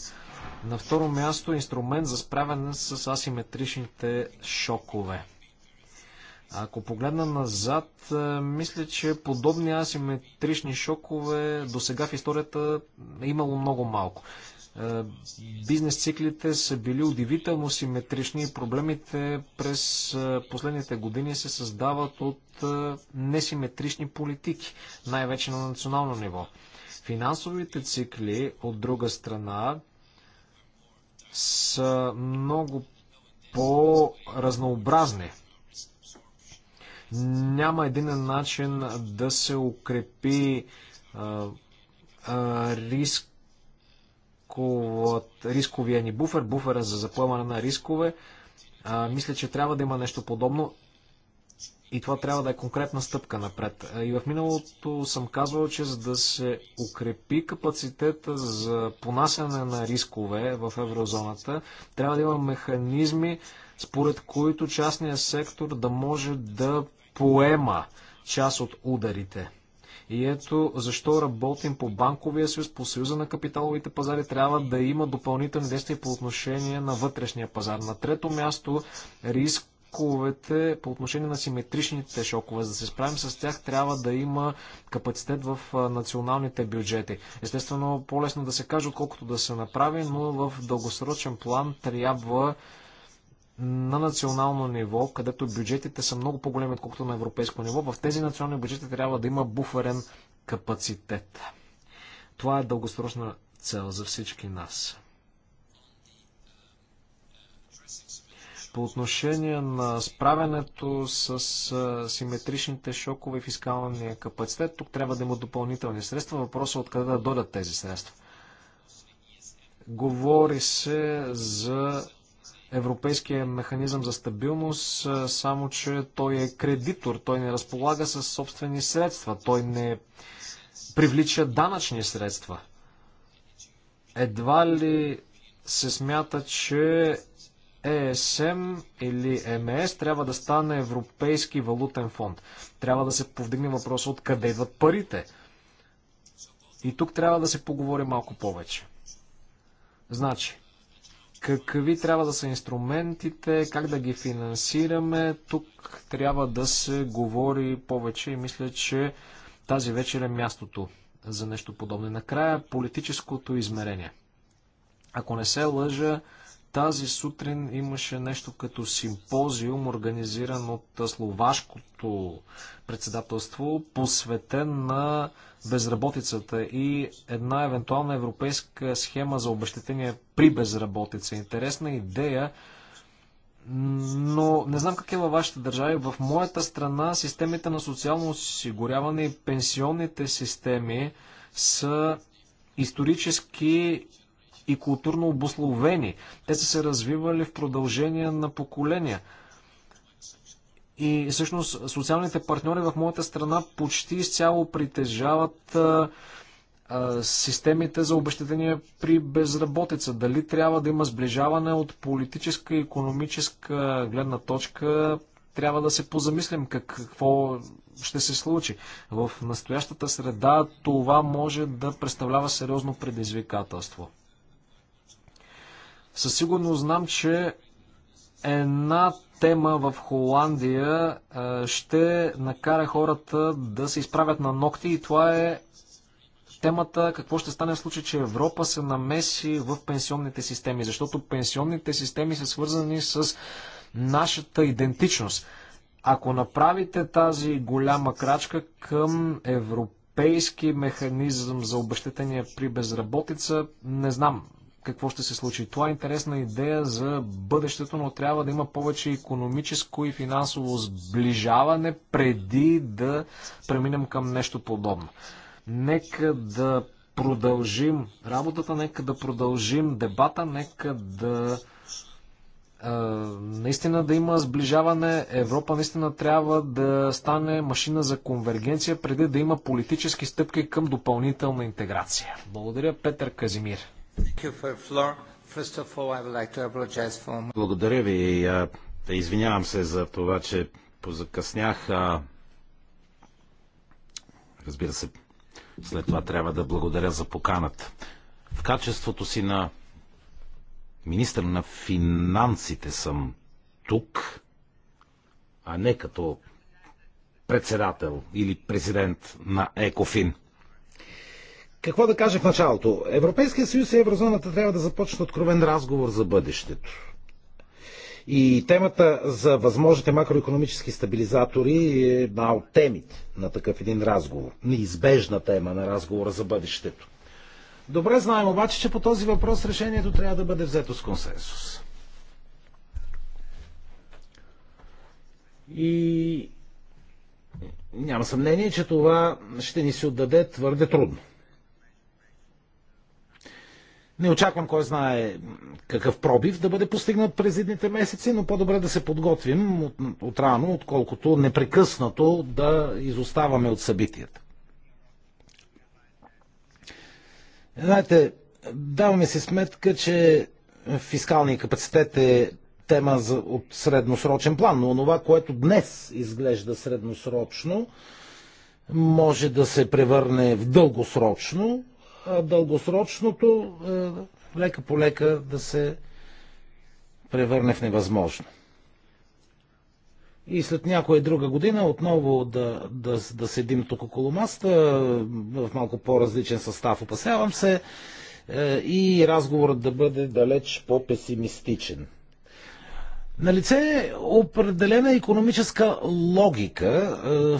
Speaker 1: На второ място инструмент за справяне с асиметричните шокове. Ако погледна назад, е, мисля, че подобни асиметрични шокове до сега в историята е имало много малко. Е, бизнес циклите са били удивително симетрични и проблемите през е, последните години се създават от несиметрични политики, най-вече на национално ниво. Финансовите цикли, от друга страна, са много по-разнообразни. Няма един начин да се укрепи а, а, рисковия ни буфер, буфера за запълване на рискове. А, мисля, че трябва да има нещо подобно и това трябва да е конкретна стъпка напред. Е, и в миналото съм казвал, че за да се укрепи капацитета за понасяне на рискове в еврозоната, трябва да има механизми, според които частния сектор да може да поема част от ударите. И ето защо работим по банковия съюз, по съюза на капиталовите пазари, трябва да има допълнителни действия по отношение на вътрешния пазар. На трето място, риск шоковете, по отношение на симетричните шокове, за да се справим с тях, трябва да има капацитет в националните бюджети. Естествено, по-лесно да се каже, отколкото да се направи, но в дългосрочен план трябва на национално ниво, където бюджетите са много по-големи, отколкото на европейско ниво, в тези национални бюджети трябва да има буферен капацитет. Това е дългосрочна цел за всички нас. По отношение на справянето с симетричните шокове и фискалния капацитет, тук трябва да има допълнителни средства. Въпросът е откъде да додат тези средства. Говори се за Европейския механизъм за стабилност, само че той е кредитор, той не разполага с собствени средства, той не привлича данъчни средства. Едва ли се смята, че ЕСМ или МС трябва да стане Европейски валутен фонд. Трябва да се повдигне въпроса от къде идват парите. И тук трябва да се поговори малко повече. Значи, какви трябва да са инструментите, как да ги финансираме, тук трябва да се говори повече и мисля, че тази вечер е мястото за нещо подобно. Накрая политическото измерение. Ако не се лъжа, тази сутрин имаше нещо като симпозиум, организиран от словашкото председателство, посветен на безработицата и една евентуална европейска схема за обещетение при безработица. Интересна идея, но не знам как е във вашите държави. В моята страна системите на социално осигуряване и пенсионните системи са исторически и културно обословени. Те са се развивали в продължение на поколения. И всъщност социалните партньори в моята страна почти изцяло притежават а, а, системите за обещетение при безработица. Дали трябва да има сближаване от политическа и економическа гледна точка, трябва да се позамислим какво ще се случи. В настоящата среда това може да представлява сериозно предизвикателство. Със сигурност знам, че една тема в Холандия е, ще накара хората да се изправят на ногти и това е темата какво ще стане в случай, че Европа се намеси в пенсионните системи, защото пенсионните системи са свързани с нашата идентичност. Ако направите тази голяма крачка към европейски механизъм за обещетение при безработица, не знам какво ще се случи. Това е интересна идея за бъдещето, но трябва да има повече економическо и финансово сближаване преди да преминем към нещо подобно. Нека да продължим работата, нека да продължим дебата, нека да е, наистина да има сближаване. Европа наистина трябва да стане машина за конвергенция, преди да има политически стъпки към допълнителна интеграция. Благодаря, Петър Казимир.
Speaker 3: Благодаря ви. Извинявам се за това, че позакъснях. Разбира се, след това трябва да благодаря за поканата. В качеството си на министър на финансите съм тук, а не като председател или президент на Екофин. Какво да кажа в началото? Европейския съюз и еврозоната трябва да започнат откровен разговор за бъдещето. И темата за възможните макроекономически стабилизатори е една от темите на такъв един разговор. Неизбежна тема на разговора за бъдещето. Добре знаем обаче, че по този въпрос решението трябва да бъде взето с консенсус. И няма съмнение, че това ще ни се отдаде твърде трудно. Не очаквам кой знае какъв пробив да бъде постигнат през едните месеци, но по-добре да се подготвим от, от рано, отколкото непрекъснато да изоставаме от събитията. Знаете, даваме си сметка, че фискалният капацитет е тема за, от средносрочен план, но това, което днес изглежда средносрочно, може да се превърне в дългосрочно а дългосрочното лека по лека да се превърне в невъзможно. И след някоя друга година отново да, да, да седим тук около маста, в малко по-различен състав, опасявам се, е, и разговорът да бъде далеч по-песимистичен. Налице е определена економическа логика е,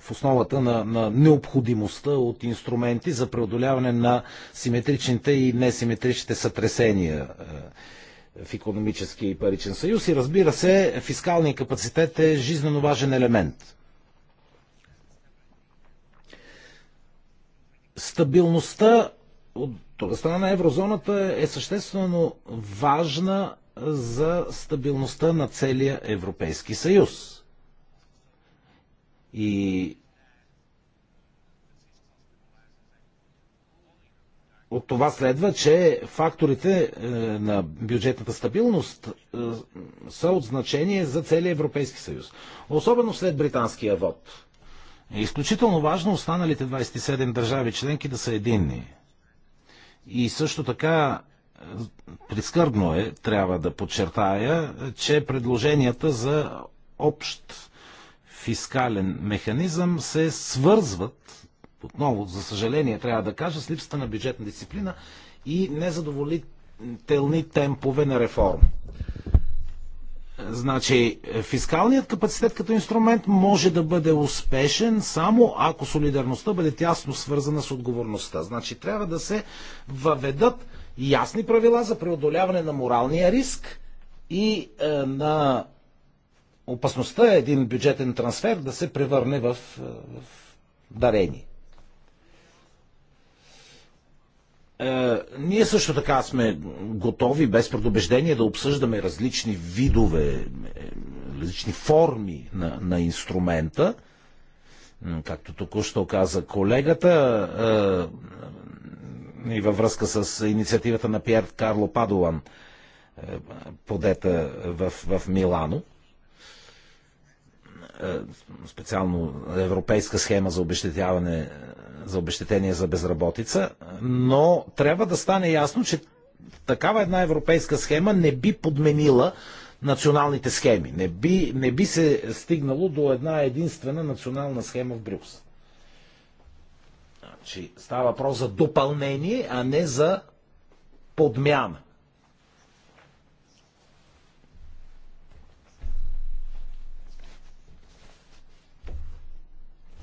Speaker 3: в основата на, на необходимостта от инструменти за преодоляване на симетричните и несиметричните сътресения е, в економически и паричен съюз. И разбира се, фискалният капацитет е жизненно важен елемент. Стабилността от друга страна на еврозоната е съществено важна за стабилността на целия Европейски съюз. И от това следва, че факторите е, на бюджетната стабилност е, са от значение за целия Европейски съюз. Особено след британския вод. Е изключително важно останалите 27 държави членки да са единни. И също така е, прискърбно е, трябва да подчертая, че предложенията за общ фискален механизъм се свързват, отново, за съжаление, трябва да кажа, с липсата на бюджетна дисциплина и незадоволителни темпове на реформи. Значи, фискалният капацитет като инструмент може да бъде успешен само ако солидарността бъде тясно свързана с отговорността. Значи, трябва да се въведат ясни правила за преодоляване на моралния риск и е, на опасността е един бюджетен трансфер да се превърне в, е, в дарение. Е, ние също така сме готови, без предубеждение, да обсъждаме различни видове, е, различни форми на, на инструмента. Както току-що каза колегата, е, и във връзка с инициативата на Пьер Карло Падуан, е, подета в, в Милано, е, специално европейска схема за обещетяване за обещетение за безработица, но трябва да стане ясно, че такава една европейска схема не би подменила националните схеми. Не би, не би се стигнало до една единствена национална схема в Брюкс. Значи, става въпрос за допълнение, а не за подмяна.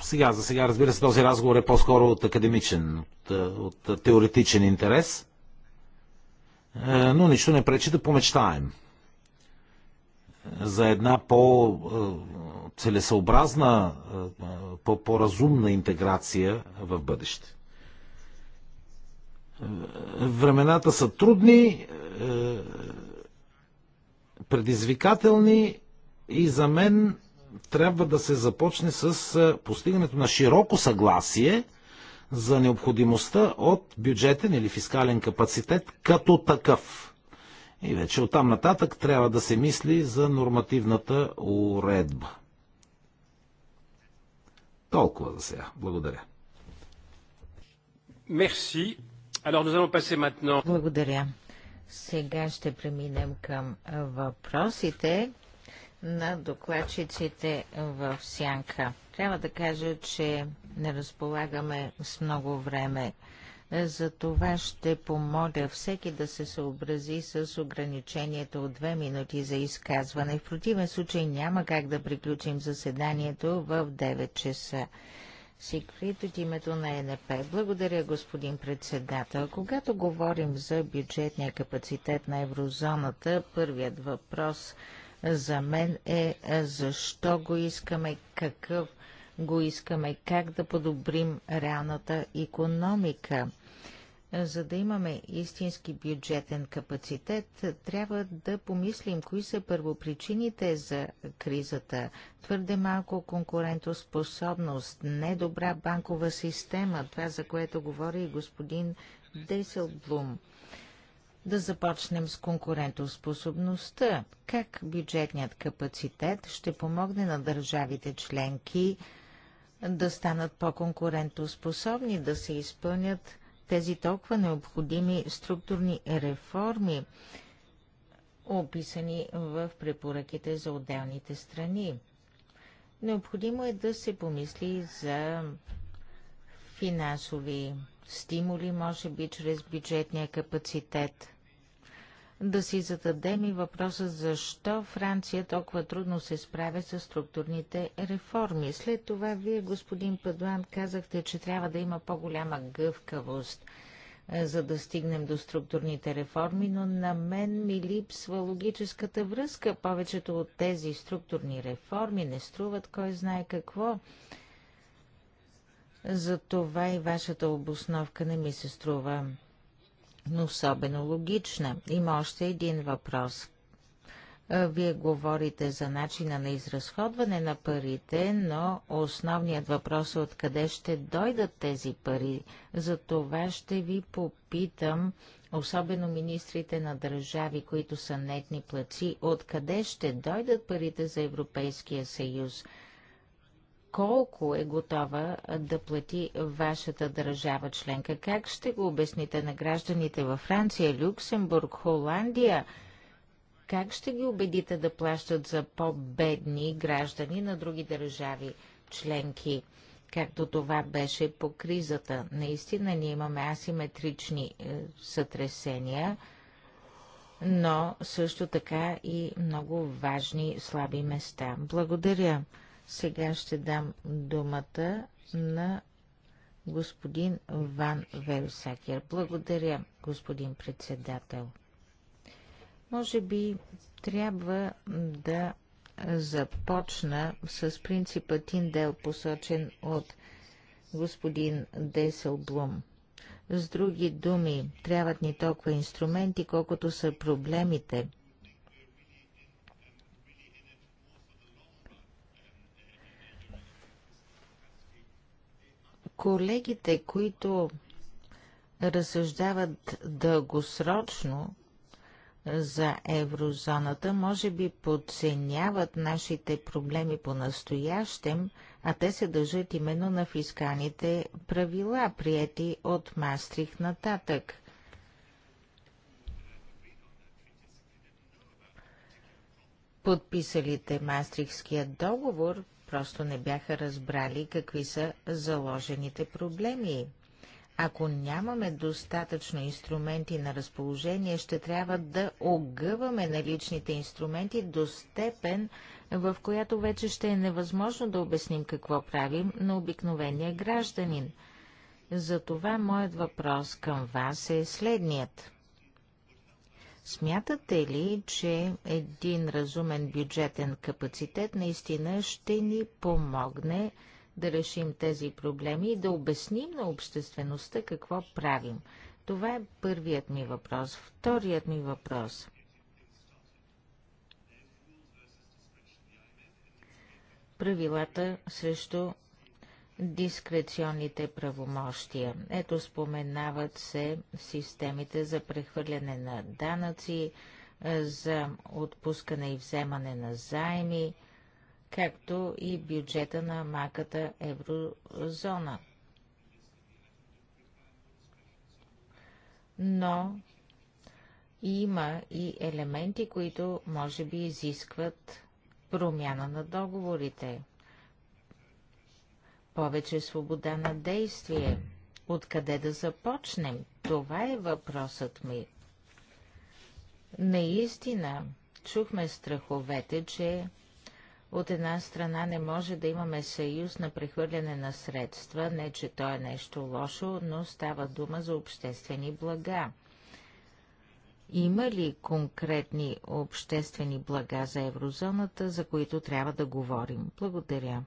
Speaker 3: Сега, за сега, разбира се, този разговор е по-скоро от академичен, от, е, от е, теоретичен интерес. Е, но нищо не пречи да помечтаем за една по-целесъобразна, по-разумна интеграция в бъдеще. Времената са трудни, предизвикателни и за мен трябва да се започне с постигането на широко съгласие за необходимостта от бюджетен или фискален капацитет като такъв. И вече оттам нататък трябва да се мисли за нормативната уредба. Толкова за сега. Благодаря. Мерси. Alors nous allons passer maintenant.
Speaker 2: Благодаря. Сега ще преминем към въпросите на докладчиците в Сянка. Трябва да кажа, че не разполагаме с много време. За това ще помоля всеки да се съобрази с ограничението от две минути за изказване. В противен случай няма как да приключим заседанието в 9 часа. Секрет от името на ЕНП. Благодаря, господин председател. Когато говорим за бюджетния капацитет на еврозоната, първият въпрос – за мен е, е защо го искаме, какъв го искаме, как да подобрим реалната економика. За да имаме истински бюджетен капацитет, трябва да помислим кои са първопричините за кризата. Твърде малко конкурентоспособност, недобра банкова система, това за което говори и господин Деселблум. Да започнем с конкурентоспособността. Как бюджетният капацитет ще помогне на държавите членки да станат по-конкурентоспособни, да се изпълнят тези толкова необходими структурни реформи, описани в препоръките за отделните страни. Необходимо е да се помисли за финансови стимули, може би чрез бюджетния капацитет да си зададем и въпроса защо Франция толкова трудно се справя с структурните реформи. След това вие, господин Падуан, казахте, че трябва да има по-голяма гъвкавост е, за да стигнем до структурните реформи, но на мен ми липсва логическата връзка. Повечето от тези структурни реформи не струват кой знае какво. За това и вашата обосновка не ми се струва но особено логична. Има още един въпрос. Вие говорите за начина на изразходване на парите, но основният въпрос е откъде ще дойдат тези пари. За това ще ви попитам, особено министрите на държави, които са нетни плаци, откъде ще дойдат парите за Европейския съюз – колко е готова да плати вашата държава членка? Как ще го обясните на гражданите във Франция, Люксембург, Холандия? Как ще ги убедите да плащат за по-бедни граждани на други държави членки? Както това беше по кризата. Наистина ние имаме асиметрични е, сътресения, но също така и много важни слаби места. Благодаря. Сега ще дам думата на господин Ван Велсакер. Благодаря, господин председател. Може би трябва да започна с принципа Тиндел, посочен от господин Деселблум. С други думи, трябват ни толкова инструменти, колкото са проблемите – Колегите, които разсъждават дългосрочно за еврозоната, може би подценяват нашите проблеми по-настоящем, а те се дължат именно на фискалните правила, прияти от Мастрих нататък. Подписалите Мастрихския договор просто не бяха разбрали какви са заложените проблеми. Ако нямаме достатъчно инструменти на разположение, ще трябва да огъваме наличните инструменти до степен, в която вече ще е невъзможно да обясним какво правим на обикновения гражданин. Затова моят въпрос към вас е следният. Смятате ли, че един разумен бюджетен капацитет наистина ще ни помогне да решим тези проблеми и да обясним на обществеността какво правим? Това е първият ми въпрос. Вторият ми въпрос. Правилата срещу дискреционните правомощия. Ето споменават се системите за прехвърляне на данъци, за отпускане и вземане на заеми, както и бюджета на маката еврозона. Но има и елементи, които може би изискват промяна на договорите – повече свобода на действие. Откъде да започнем? Това е въпросът ми. Наистина, чухме страховете, че от една страна не може да имаме съюз на прехвърляне на средства, не че то е нещо лошо, но става дума за обществени блага. Има ли конкретни обществени блага за еврозоната, за които трябва да говорим? Благодаря.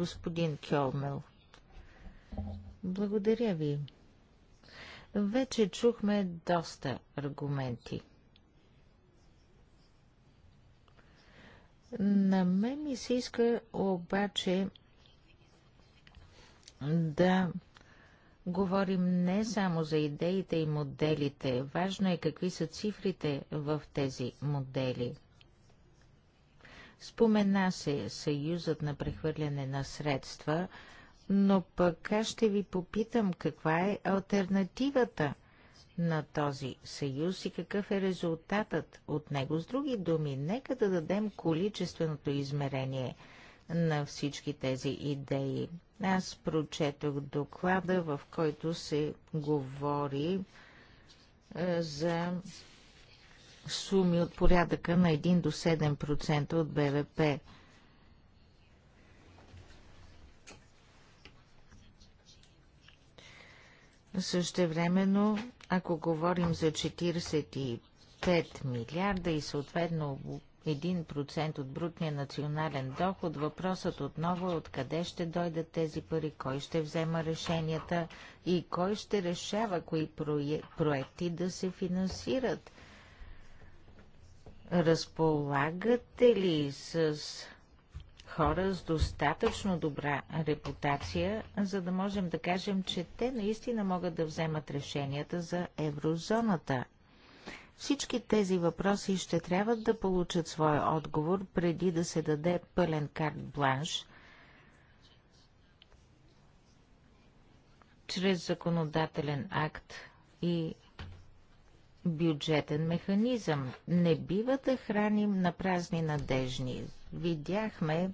Speaker 2: Господин Кьомел, благодаря ви. Вече чухме доста аргументи. На мен ми се иска обаче да говорим не само за идеите и моделите. Важно е какви са цифрите в тези модели. Спомена се съюзът на прехвърляне на средства, но пък аз ще ви попитам каква е альтернативата на този съюз и какъв е резултатът от него. С други думи, нека да дадем количественото измерение на всички тези идеи. Аз прочетох доклада, в който се говори е, за суми от порядъка на 1 до 7% от БВП. Същевременно, ако говорим за 45 милиарда и съответно 1% от брутния национален доход, въпросът отново е откъде ще дойдат тези пари, кой ще взема решенията и кой ще решава кои проекти да се финансират – Разполагате ли с хора с достатъчно добра репутация, за да можем да кажем, че те наистина могат да вземат решенията за еврозоната? Всички тези въпроси ще трябва да получат своя отговор преди да се даде пълен карт бланш чрез законодателен акт и бюджетен механизъм. Не бива да храним на празни надежни. Видяхме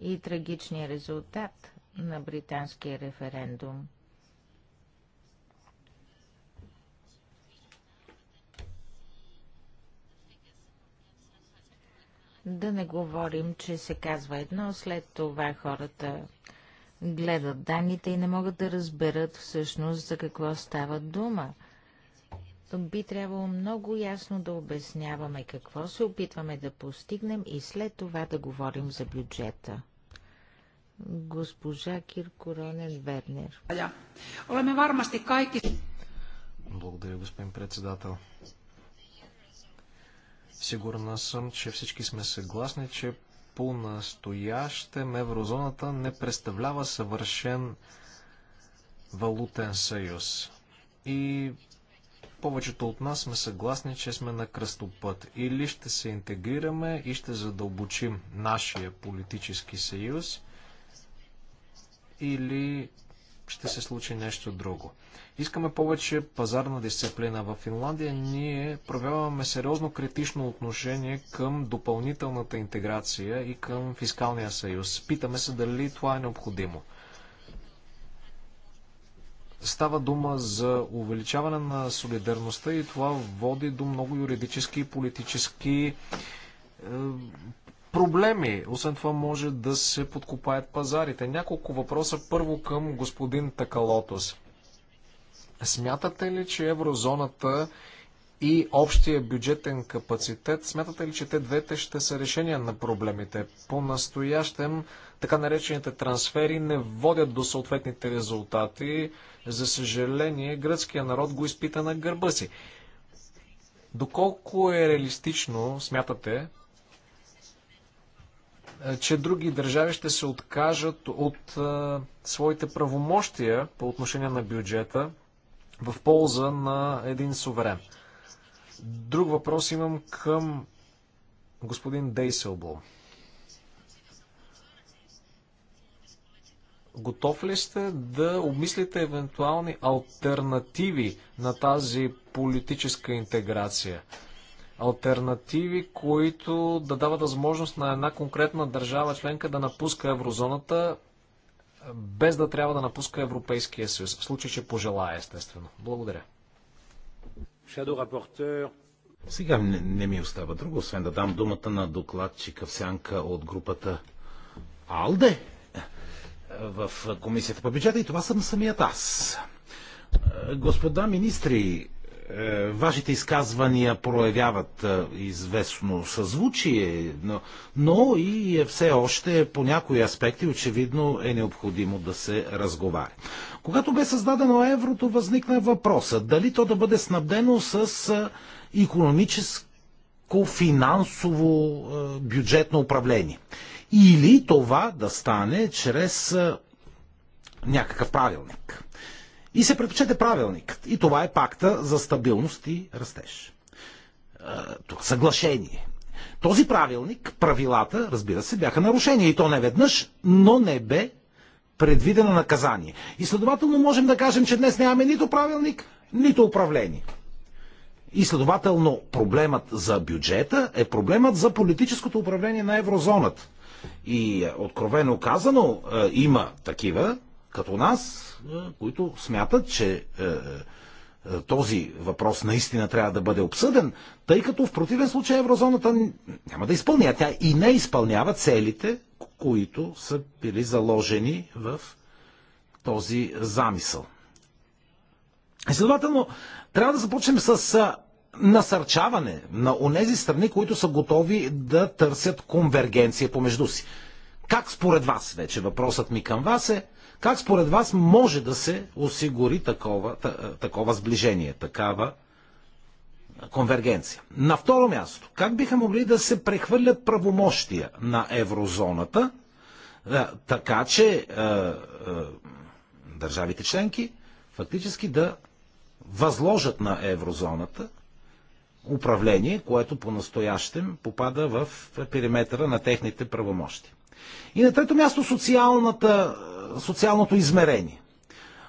Speaker 2: и трагичния резултат на британския референдум. Да не говорим, че се казва едно, след това хората гледат данните и не могат да разберат всъщност за какво става дума – би трябвало много ясно да обясняваме какво се опитваме да постигнем и след това да говорим за бюджета. Госпожа Киркоронен Вернер.
Speaker 1: Благодаря, господин председател. Сигурна съм, че всички сме съгласни, че по-настоящем еврозоната не представлява съвършен валутен съюз. И повечето от нас сме съгласни, че сме на кръстопът. Или ще се интегрираме и ще задълбочим нашия политически съюз, или ще се случи нещо друго. Искаме повече пазарна дисциплина. В Финландия ние проявяваме сериозно критично отношение към допълнителната интеграция и към фискалния съюз. Питаме се дали това е необходимо. Става дума за увеличаване на солидарността и това води до много юридически и политически е, проблеми. Освен това може да се подкопаят пазарите. Няколко въпроса първо към господин Такалотос. Смятате ли, че еврозоната и общия бюджетен капацитет, смятате ли, че те двете ще са решения на проблемите? По-настоящем така наречените трансфери не водят до съответните резултати. За съжаление, гръцкият народ го изпита на гърба си. Доколко е реалистично, смятате, е, че други държави ще се откажат от а, е, своите правомощия по отношение на бюджета в полза на един суверен. Друг въпрос имам към господин Дейселбол. Готов ли сте да обмислите евентуални альтернативи на тази политическа интеграция? Альтернативи, които да дават възможност на една конкретна държава членка да напуска еврозоната, без да трябва да напуска Европейския съюз, в случай, че пожелая, естествено. Благодаря.
Speaker 3: Сега не, не ми остава друго, освен да дам думата на докладчика в сянка от групата АЛДЕ в Комисията по бюджета и това съм самият аз. Господа министри, е, вашите изказвания проявяват е, известно съзвучие, но, но и е все още по някои аспекти очевидно е необходимо да се разговаря. Когато бе създадено еврото, възникна въпроса дали то да бъде снабдено с економическо, финансово, бюджетно управление или това да стане чрез някакъв правилник. И се предпочете правилникът. И това е пакта за стабилност и растеж. Това съглашение. Този правилник, правилата, разбира се, бяха нарушени. И то не веднъж, но не бе предвидено наказание. И следователно можем да кажем, че днес нямаме нито правилник, нито управление. И следователно проблемът за бюджета е проблемът за политическото управление на еврозоната – и е, откровено казано, е, има такива, като нас, е, които смятат, че този въпрос наистина трябва да бъде обсъден, тъй като в противен случай еврозоната няма да изпълня. Тя и не изпълнява целите, които са били заложени в този замисъл. Следователно, трябва да започнем с насърчаване на онези страни, които са готови да търсят конвергенция помежду си. Как според вас, вече въпросът ми към вас е, как според вас може да се осигури такова, е, такова сближение, такава конвергенция? На второ място, как биха могли да се прехвърлят правомощия на еврозоната, е, така че е, е, държавите членки фактически да възложат на еврозоната управление, което по-настоящем попада в периметъра на техните правомощи. И на трето място социалното измерение.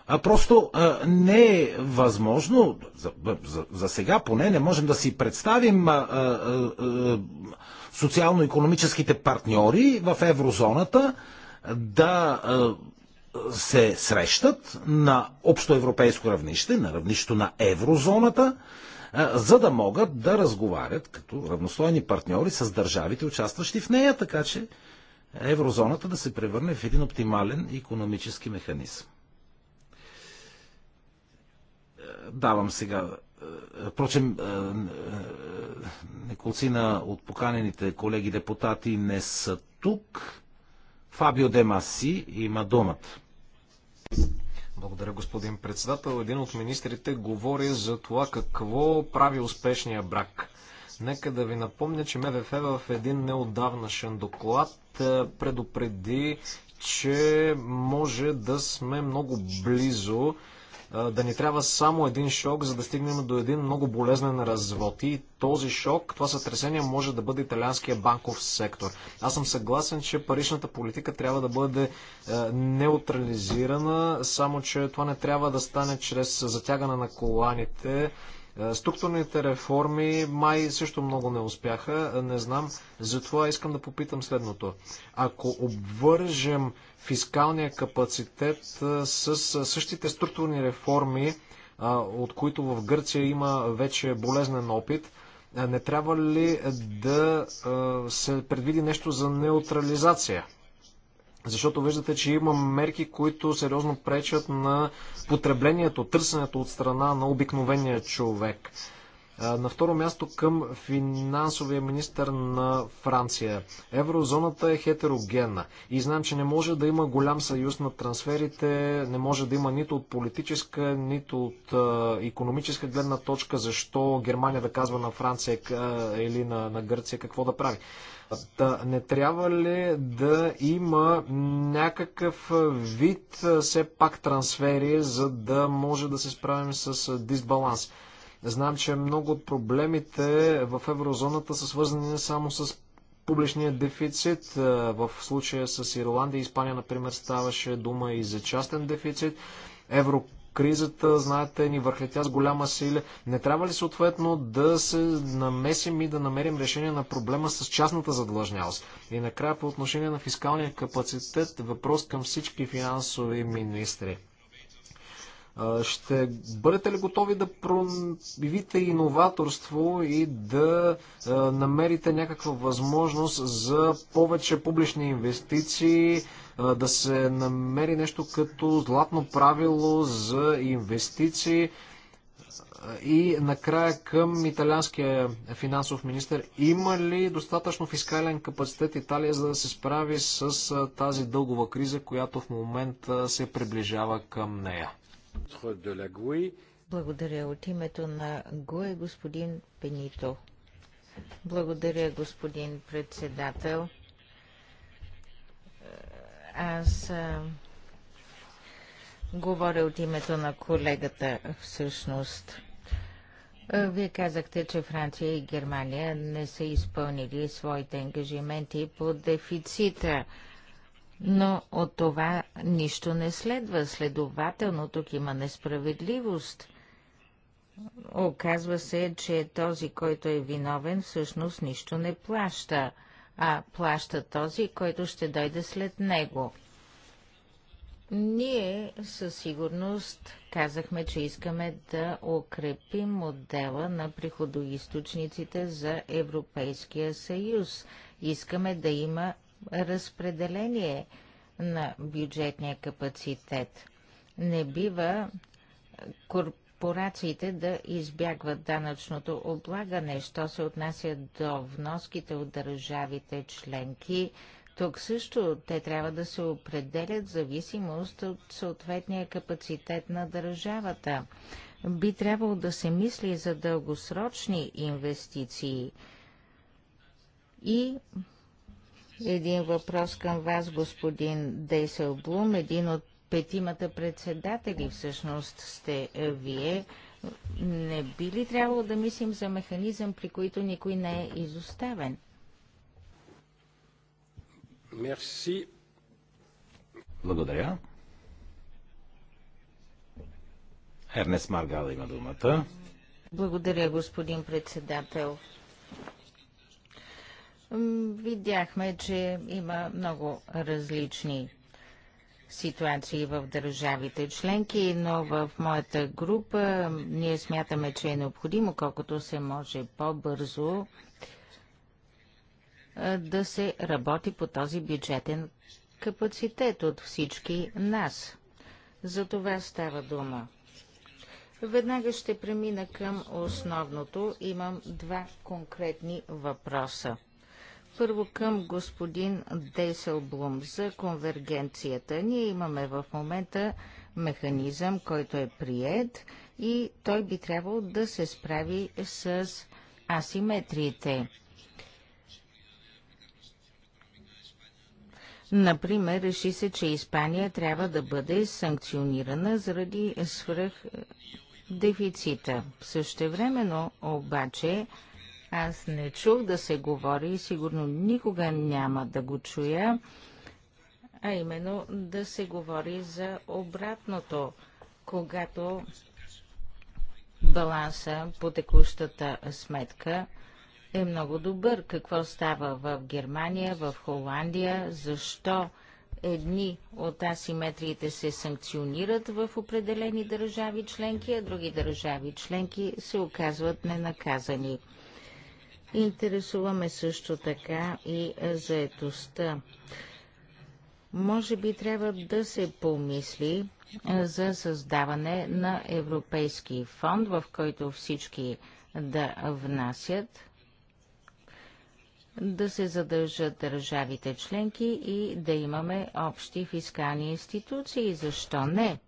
Speaker 3: А просто а, не е възможно, за, за, за сега поне не можем да си представим а, а, а, социално-економическите партньори в еврозоната да а, се срещат на общоевропейско равнище, на равнището на еврозоната, за да могат да разговарят като равностойни партньори с държавите, участващи в нея, така че еврозоната да се превърне в един оптимален економически механизъм. Давам сега. Впрочем, неколцина от поканените колеги депутати не са тук. Фабио Демаси има думата.
Speaker 1: Благодаря, господин председател. Един от министрите говори за това какво прави успешния брак. Нека да ви напомня, че МВФ е в един неодавнашен доклад е, предупреди, че може да сме много близо да ни трябва само един шок, за да стигнем до един много болезнен развод. И този шок, това сътресение може да бъде италианския банков сектор. Аз съм съгласен, че паричната политика трябва да бъде е, неутрализирана, само че това не трябва да стане чрез затягане на коланите е, структурните реформи май също много не успяха, е, не знам. Затова искам да попитам следното. Ако обвържем фискалния капацитет е, с същите структурни реформи, от които в Гърция има вече болезнен опит, не трябва ли да се предвиди нещо за неутрализация защото виждате, че има мерки, които сериозно пречат на потреблението, търсенето от страна на обикновения човек. На второ място към финансовия министр на Франция. Еврозоната е хетерогенна и знам, че не може да има голям съюз на трансферите, не може да има нито от политическа, нито от економическа гледна точка, защо Германия да казва на Франция или на, на Гърция какво да прави. Та не трябва ли да има някакъв вид все пак трансфери, за да може да се справим с дисбаланс? Знам, че много от проблемите в еврозоната са свързани не само с публичния дефицит. В случая с Ирландия и Испания, например, ставаше дума и за частен дефицит. Еврокризата, знаете, ни върхлетя с голяма сила. Не трябва ли съответно да се намесим и да намерим решение на проблема с частната задлъжнялост? И накрая по отношение на фискалния капацитет, въпрос към всички финансови министри. Ще бъдете ли готови да проявите иноваторство и да намерите някаква възможност за повече публични инвестиции, да се намери нещо като златно правило за инвестиции? И накрая към италианския финансов министр. Има ли достатъчно фискален капацитет Италия, за да се справи с тази дългова криза, която в момента се приближава към нея?
Speaker 2: Благодаря от името на ГУЕ, господин Пенито. Благодаря, господин председател. Аз а, говоря от името на колегата всъщност. Вие казахте, че Франция и Германия не са изпълнили своите ангажименти по дефицита но от това нищо не следва. Следователно тук има несправедливост. Оказва се, че този, който е виновен, всъщност нищо не плаща, а плаща този, който ще дойде след него. Ние със сигурност казахме, че искаме да укрепим модела на приходоисточниците за Европейския съюз. Искаме да има разпределение на бюджетния капацитет. Не бива корпорациите да избягват данъчното облагане, що се отнася до вноските от държавите членки. Тук също те трябва да се определят в зависимост от съответния капацитет на държавата. Би трябвало да се мисли за дългосрочни инвестиции и един въпрос към вас, господин Дейсел Блум, Един от петимата председатели всъщност сте е, вие. Не би ли трябвало да мислим за механизъм, при който никой не е изоставен?
Speaker 3: Мерси. Благодаря. Ернест Маргала има думата. Благодаря,
Speaker 2: господин председател. Видяхме, че има много различни ситуации в държавите членки, но в моята група ние смятаме, че е необходимо колкото се може по-бързо да се работи по този бюджетен капацитет от всички нас. За това става дума. Веднага ще премина към основното. Имам два конкретни въпроса. Първо към господин Дейселблум за конвергенцията. Ние имаме в момента механизъм, който е прият и той би трябвало да се справи с асиметриите. Например, реши се, че Испания трябва да бъде санкционирана заради свръх дефицита. Същевременно обаче аз не чух да се говори и сигурно никога няма да го чуя, а именно да се говори за обратното, когато баланса по текущата сметка е много добър. Какво става в Германия, в Холандия, защо едни от асиметриите се санкционират в определени държави членки, а други държави членки се оказват ненаказани. Интересуваме също така и заетостта. Може би трябва да се помисли за създаване на Европейски фонд, в който всички да внасят, да се задържат държавите членки и да имаме общи фискални институции. Защо не?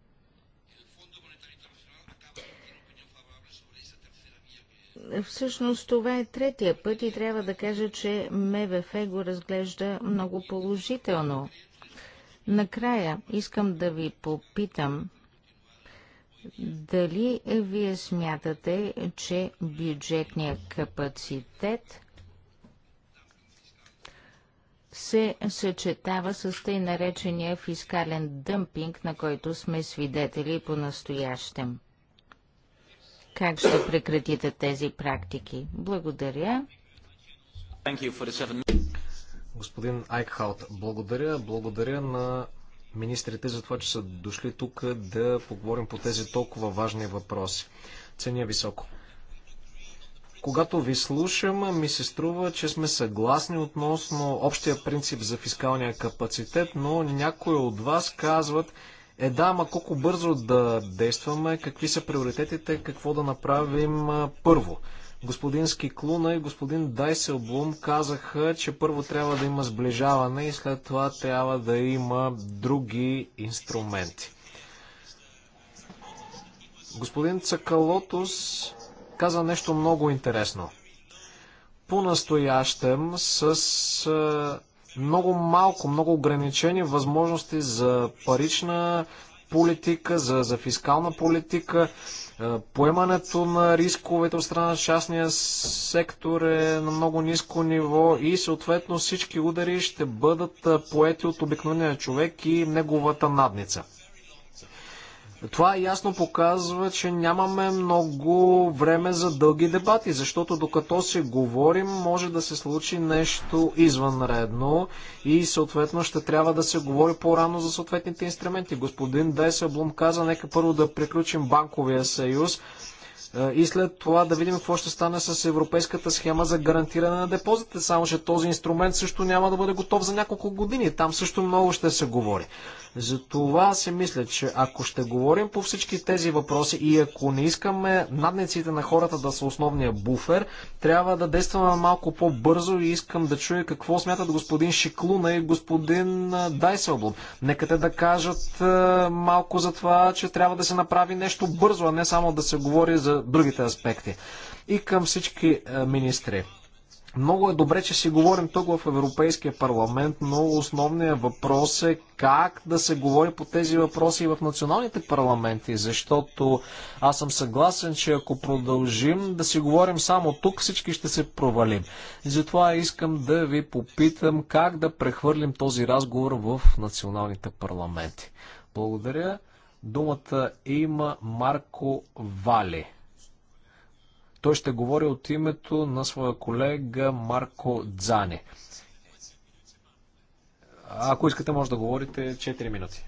Speaker 2: Всъщност това е третия път и трябва да кажа, че МВФ го разглежда много положително. Накрая искам да ви попитам дали вие смятате, че бюджетният капацитет се съчетава с тъй наречения фискален дъмпинг, на който сме свидетели по-настоящем? Как ще прекратите тези практики? Благодаря.
Speaker 1: Господин Айкхаут, благодаря. Благодаря на министрите за това, че са дошли тук да поговорим по тези толкова важни въпроси. Ценя високо. Когато ви слушам, ми се струва, че сме съгласни относно общия принцип за фискалния капацитет, но някои от вас казват, е да, ама колко бързо да действаме, какви са приоритетите, какво да направим първо. Господин Скиклуна и господин Дайселблум казаха, че първо трябва да има сближаване и след това трябва да има други инструменти. Господин Цакалотос каза нещо много интересно. По-настоящем с много малко, много ограничени възможности за парична политика, за, за фискална политика. Е, поемането на рисковете от страна на частния сектор е на много ниско ниво и съответно всички удари ще бъдат е, поети от обикновения човек и неговата надница. Това ясно показва, че нямаме много време за дълги дебати, защото докато се говорим, може да се случи нещо извънредно и съответно ще трябва да се говори по-рано за съответните инструменти. Господин Дайсаблум каза, нека първо да приключим банковия съюз е, и след това да видим какво ще стане с европейската схема за гарантиране на депозитите. Само, че този инструмент също няма да бъде готов за няколко години. Там също много ще се говори. Затова си мисля, че ако ще говорим по всички тези въпроси и ако не искаме надниците на хората да са основния буфер, трябва да действаме малко по-бързо и искам да чуя какво смятат господин Шиклуна и господин Дайселблом. Нека те да кажат малко за това, че трябва да се направи нещо бързо, а не само да се говори за другите аспекти. И към всички министри. Много е добре, че си говорим тук в Европейския парламент, но основният въпрос е как да се говори по тези въпроси и в националните парламенти, защото аз съм съгласен, че ако продължим да си говорим само тук, всички ще се провалим. И затова искам да ви попитам как да прехвърлим този разговор в националните парламенти. Благодаря. Думата има Марко Вали. Той ще говори от името на своя колега Марко Дзани. Ако искате, може да говорите 4 минути.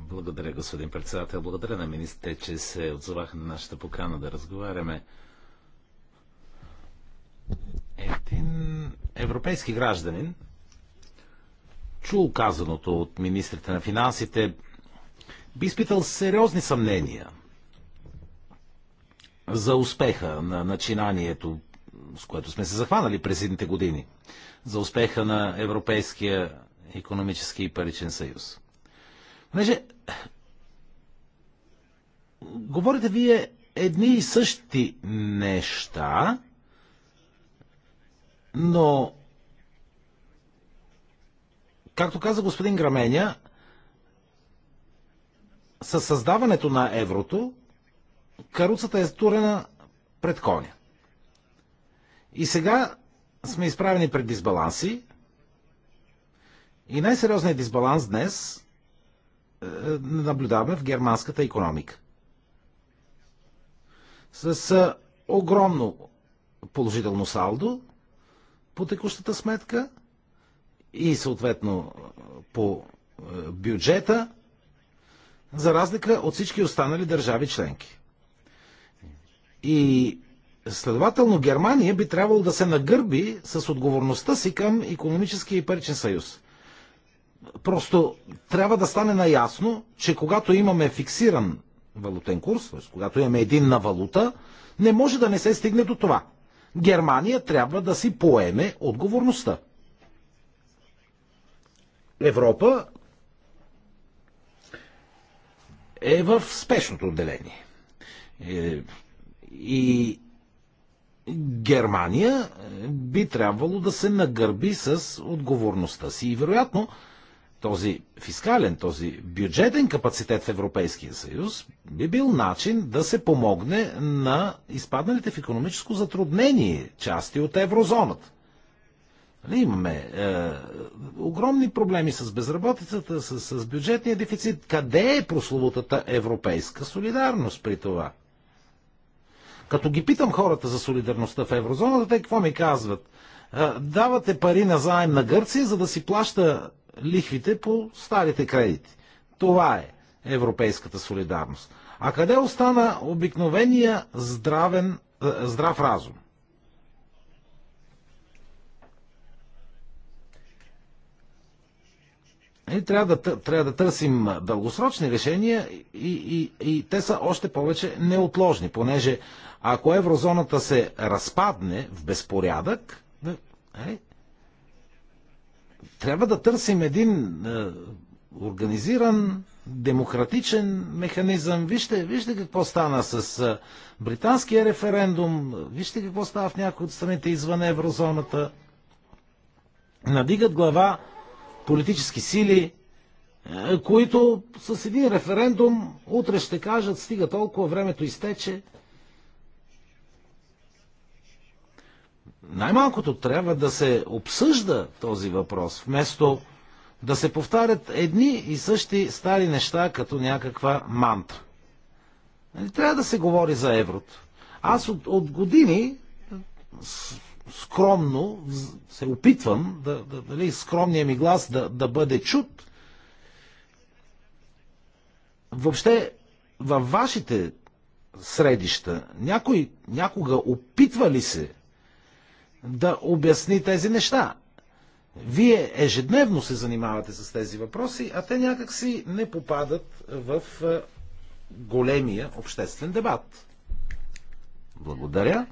Speaker 3: Благодаря, господин председател. Благодаря на министрите, че се отзоваха на нашата покана да разговаряме. Един европейски гражданин чул казаното от министрите на финансите, би изпитал сериозни съмнения – за успеха на начинанието, с което сме се захванали през едните години, за успеха на Европейския економически и паричен съюз. Понеже, говорите вие едни и същи неща, но, както каза господин Граменя, със създаването на еврото, каруцата е турена пред коня. И сега сме изправени пред дисбаланси. И най-сериозният дисбаланс днес е, наблюдаваме в германската економика. С е, огромно положително салдо по текущата сметка и съответно е, по е, бюджета, за разлика от всички останали държави членки. И следователно Германия би трябвало да се нагърби с отговорността си към економическия и паричен съюз. Просто трябва да стане наясно, че когато имаме фиксиран валутен курс, т.е. когато имаме единна валута, не може да не се стигне до това. Германия трябва да си поеме отговорността. Европа е в спешното отделение. Е, и Германия е, би трябвало да се нагърби с отговорността си. И вероятно този фискален, този бюджетен капацитет в Европейския съюз би бил начин да се помогне на изпадналите в економическо затруднение части от еврозоната. Нали, имаме е, огромни проблеми с безработицата, с, с бюджетния дефицит. Къде е прословутата европейска солидарност при това? Като ги питам хората за солидарността в еврозоната, те какво ми казват? Давате пари на заем на Гърция, за да си плаща лихвите по старите кредити. Това е европейската солидарност. А къде остана обикновения здравен, здрав разум? И трябва, да, трябва да търсим дългосрочни решения и, и, и те са още повече неотложни, понеже ако еврозоната се разпадне в безпорядък, да, е, трябва да търсим един е, организиран демократичен механизъм. Вижте, вижте какво стана с е, британския референдум, вижте какво става в някои от страните извън еврозоната. Надигат глава политически сили, е, които с един референдум утре ще кажат, стига толкова, времето изтече, най-малкото трябва да се обсъжда този въпрос, вместо да се повтарят едни и същи стари неща като някаква мантра. Нали, трябва да се говори за еврото. Аз от, от години скромно се опитвам да, да, дали, скромния ми глас да, да бъде чут. Въобще във вашите средища някой някога опитва ли се да обясни тези неща. Вие ежедневно се занимавате с тези въпроси, а те някакси не попадат в е, големия обществен дебат. Благодаря.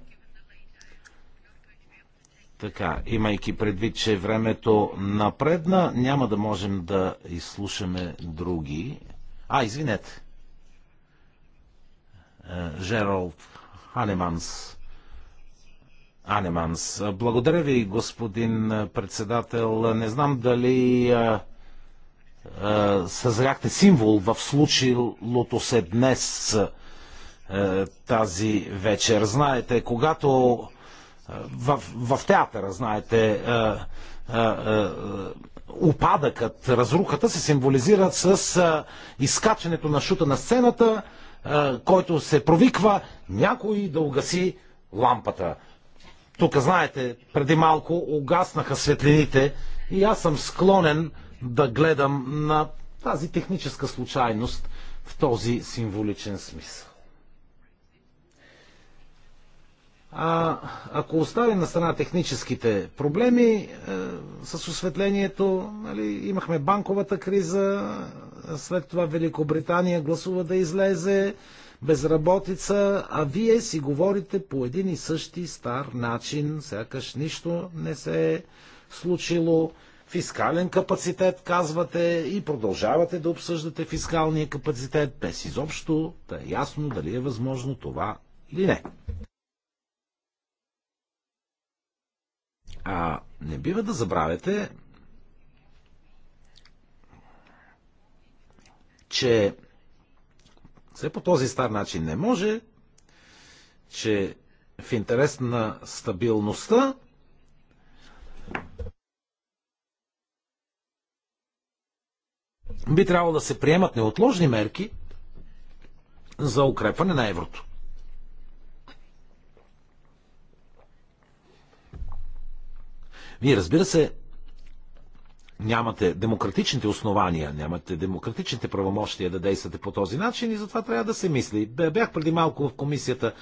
Speaker 3: Така, имайки предвид, че времето напредна, няма да можем да изслушаме други. А, извинете. Е, Жералд Ханеманс. Анеманс. Благодаря ви, господин председател. Не знам дали а, а, съзряхте символ в случилото се днес а, тази вечер. Знаете, когато в, в театъра, знаете, упадъкът, разрухата се символизират с изкачането на шута на сцената, който се провиква някой да угаси лампата. Тук, знаете, преди малко угаснаха светлините и аз съм склонен да гледам на тази техническа случайност в този символичен смисъл. А ако оставим на страна техническите проблеми е, с осветлението, нали, имахме банковата криза, след това Великобритания гласува да излезе, безработица, а вие си говорите по един и същи стар начин, сякаш нищо не се е случило. Фискален капацитет, казвате, и продължавате да обсъждате фискалния капацитет, без изобщо да е ясно дали е възможно това или не. А не бива да забравяте, че все по този стар начин не може, че в интерес на стабилността би трябвало да се приемат неотложни мерки за укрепване на еврото. Вие, разбира се, нямате демократичните основания, нямате демократичните правомощия да действате по този начин и затова трябва да се мисли. Бях преди малко в комисията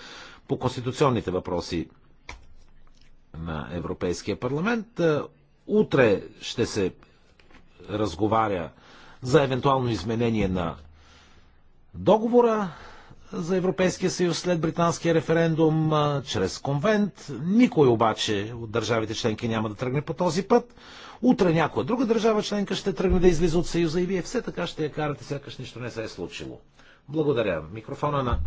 Speaker 3: по конституционните въпроси на Европейския парламент. Е, утре ще се разговаря за евентуално изменение на договора за Европейския съюз след британския референдум чрез конвент. Никой обаче от държавите членки няма да тръгне по този път. Утре някоя друга държава членка ще тръгне да излиза от Съюза и вие все така ще я карате, сякаш нищо не се е случило. Благодаря. Микрофона на...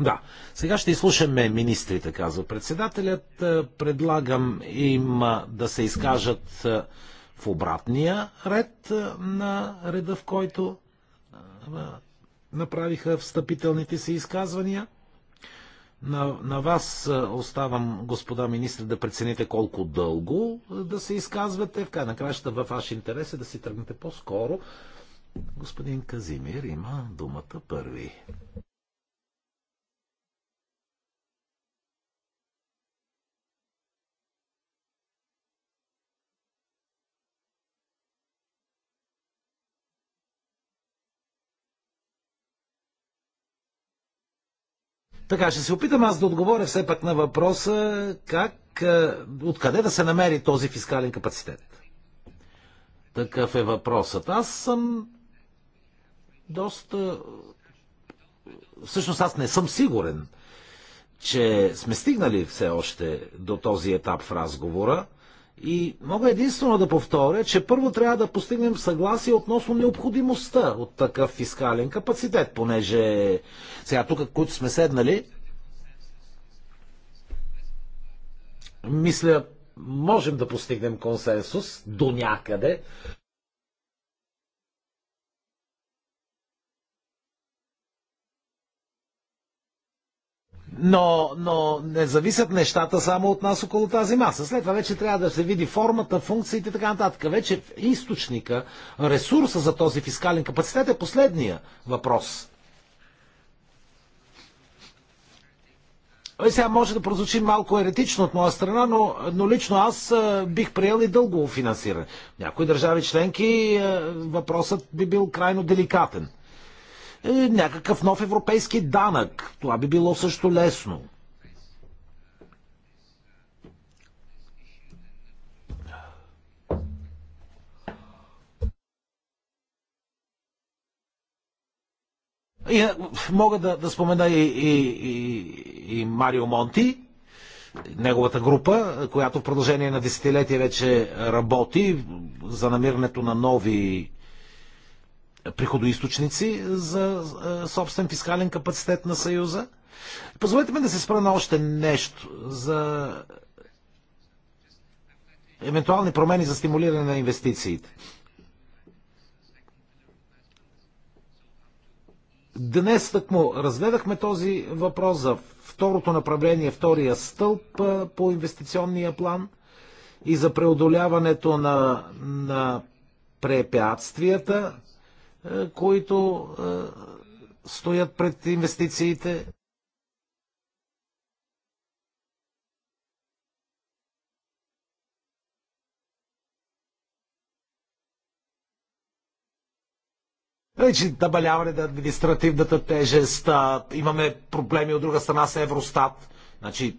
Speaker 3: Да, сега ще изслушаме министрите, казва председателят. Предлагам им да се изкажат в обратния ред на реда, в който направиха встъпителните си изказвания. На, на вас оставам, господа министри, да прецените колко дълго да се изказвате. В крайна краща във ваш интерес е да си тръгнете по-скоро. Господин Казимир има думата първи. Така, ще се опитам аз да отговоря все пак на въпроса как, е, откъде да се намери този фискален капацитет. Такъв е въпросът. Аз съм доста... Всъщност аз не съм сигурен, че сме стигнали все още до този етап в разговора. И мога единствено да повторя, че първо трябва да постигнем съгласие относно необходимостта от такъв фискален капацитет, понеже сега тук, които сме седнали, мисля, можем да постигнем консенсус до някъде. Но, но не зависят нещата само от нас около тази маса. След това вече трябва да се види формата, функциите и така нататък. Вече източника, ресурса за този фискален капацитет е последния въпрос. Ой, Сега може да прозвучи малко еретично от моя страна, но, но лично аз бих приел и дългово финансиране. В някои държави членки въпросът би бил крайно деликатен е, някакъв нов европейски данък. Това би било също лесно. И, е, мога да, да спомена и, и, и, и Марио Монти, неговата група, която в продължение на десетилетия вече работи за намирането на нови приходоисточници за е, собствен фискален капацитет на Съюза. Позволете ми да се спра на още нещо за евентуални промени за стимулиране на инвестициите. Днес му разгледахме този въпрос за второто направление, втория стълб е, по инвестиционния план и за преодоляването на, на препятствията е, които е, стоят пред инвестициите. Вече значи, набаляване на административната тежест, имаме проблеми от друга страна с Евростат. Значи,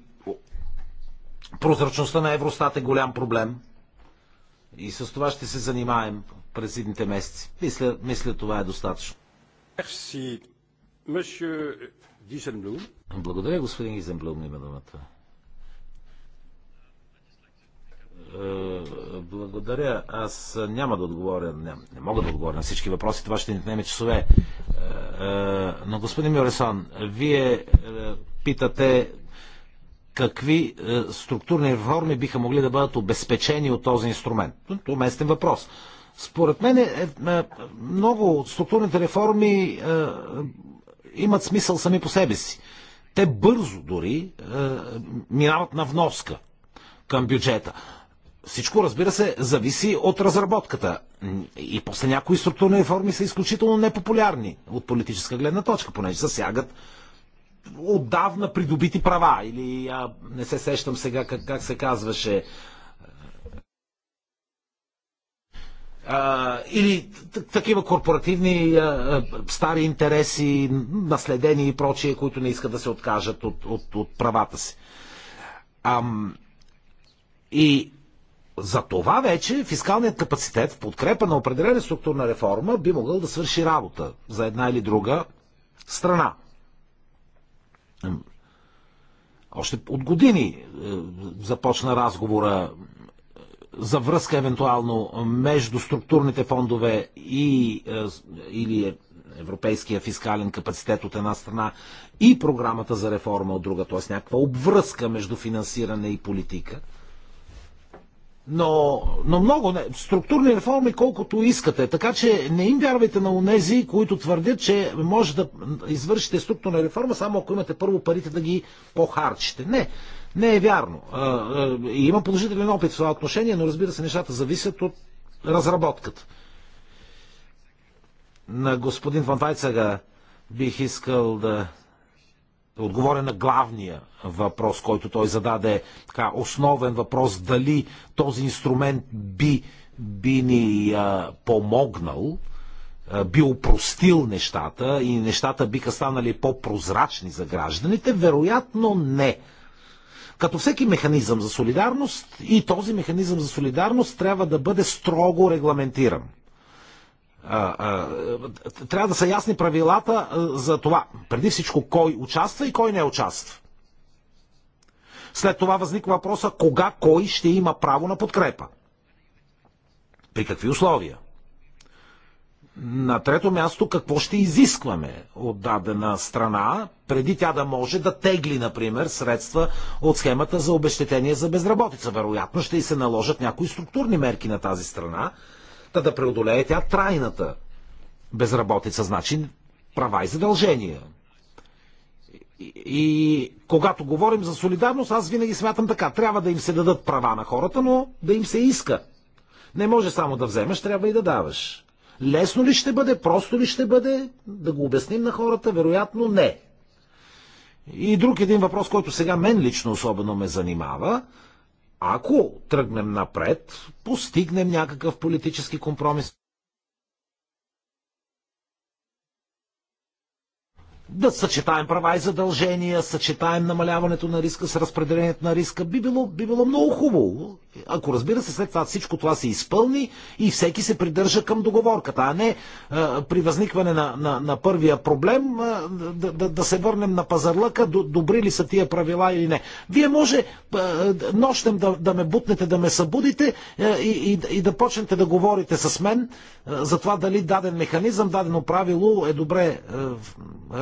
Speaker 3: прозрачността на Евростат е голям проблем. И с това ще се занимаем през едните месеци. Мисля, мисля това е достатъчно. Мерси, Благодаря, господин Гизенблум, има думата. Е, благодаря. Аз няма да отговоря, не, не мога да отговоря на всички въпроси, това ще ни отнеме часове. Е, е, но, господин Мюресон, вие питате какви структурни реформи биха могли да бъдат обезпечени от този инструмент. Това е местен въпрос. Според мен е, е, е, много от структурните реформи е, имат смисъл сами по себе си. Те бързо дори е, минават на вноска към бюджета. Всичко, разбира се, зависи от разработката. И после някои структурни реформи са изключително непопулярни от политическа гледна точка, понеже засягат отдавна придобити права. Или а, не се сещам сега как, как се казваше или такива корпоративни стари интереси, наследени и прочие, които не искат да се откажат от, от, от правата си. Ам, и за това вече фискалният капацитет в подкрепа на определена структурна реформа би могъл да свърши работа за една или друга страна. Още от години е, започна разговора за връзка евентуално между структурните фондове и е, или е, европейския фискален капацитет от една страна и програмата за реформа от друга, т.е. някаква обвръзка между финансиране и политика. Но, но много не. структурни реформи колкото искате. Така че не им вярвайте на унези, които твърдят, че може да извършите структурна реформа, само ако имате първо парите да ги похарчите. Не. Не е вярно. Има положителен опит в това отношение, но разбира се, нещата зависят от разработката. На господин Ван Тайцага бих искал да отговоря на главния въпрос, който той зададе, така, основен въпрос, дали този инструмент би, би ни а, помогнал, а, би упростил нещата и нещата биха станали по-прозрачни за гражданите, вероятно не. Като всеки механизъм за солидарност и този механизъм за солидарност трябва да бъде строго регламентиран. Трябва да са ясни правилата за това. Преди всичко кой участва и кой не участва. След това възниква въпроса кога кой ще има право на подкрепа. При какви условия? На трето място, какво ще изискваме от дадена страна, преди тя да може да тегли, например, средства от схемата за обещетение за безработица. Вероятно ще и се наложат някои структурни мерки на тази страна, да да преодолее тя трайната безработица, значи права и задължения. И, и когато говорим за солидарност, аз винаги смятам така. Трябва да им се дадат права на хората, но да им се иска. Не може само да вземеш, трябва и да даваш. Лесно ли ще бъде, просто ли ще бъде, да го обясним на хората? Вероятно не. И друг един въпрос, който сега мен лично особено ме занимава. Ако тръгнем напред, постигнем някакъв политически компромис. да съчетаем права и задължения, съчетаем намаляването на риска с разпределението на риска, би било, би било много хубаво. Ако разбира се, след това всичко това се изпълни и всеки се придържа към договорката, а не а, при възникване на, на, на първия проблем а, да, да, да се върнем на пазарлъка, до, добри ли са тия правила или не. Вие може а, нощем да, да ме бутнете, да ме събудите а, и, и, и да почнете да говорите с мен а, за това дали даден механизъм, дадено правило е добре а,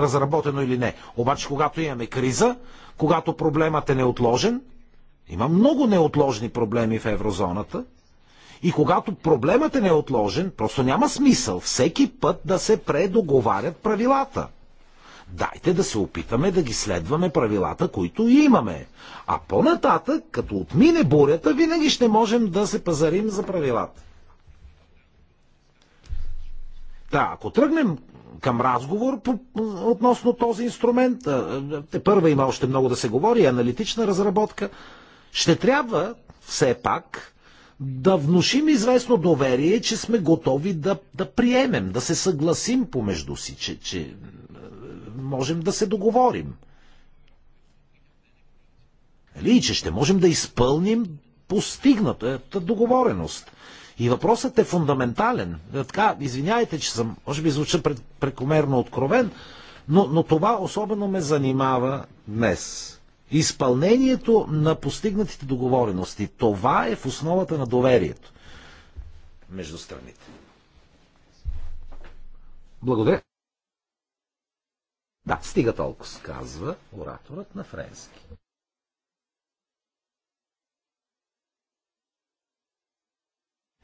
Speaker 3: разработено или не. Обаче, когато имаме криза, когато проблемът е неотложен, има много неотложни проблеми в еврозоната. И когато проблемът е неотложен, просто няма смисъл всеки път да се предоговарят правилата. Дайте да се опитаме да ги следваме правилата, които имаме. А по-нататък, като отмине бурята, винаги ще можем да се пазарим за правилата. Да, ако тръгнем към разговор по, относно този инструмент, те първа има още много да се говори, аналитична разработка, ще трябва все пак да внушим известно доверие, че сме готови да, да приемем, да се съгласим помежду си, че, че е, можем да се договорим. Или нали? че ще можем да изпълним постигната договореност. И въпросът е фундаментален. Е, така, извиняйте, че съм, може би звуча прекомерно откровен, но, но това особено ме занимава днес. Изпълнението на постигнатите договорености. Това е в основата на доверието между страните. Благодаря. Да, стига толкова, казва ораторът на френски.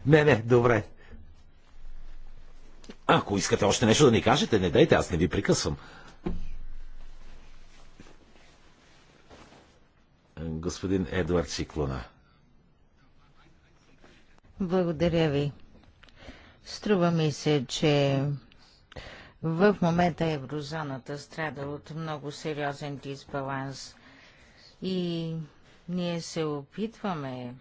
Speaker 3: Не, не, добре. Ако искате още нещо да ни кажете, не дайте, аз не ви прекъсвам. господин Едвард Сиклона.
Speaker 2: Благодаря ви. Струва ми се, че в момента еврозоната страда от много сериозен дисбаланс и ние се опитваме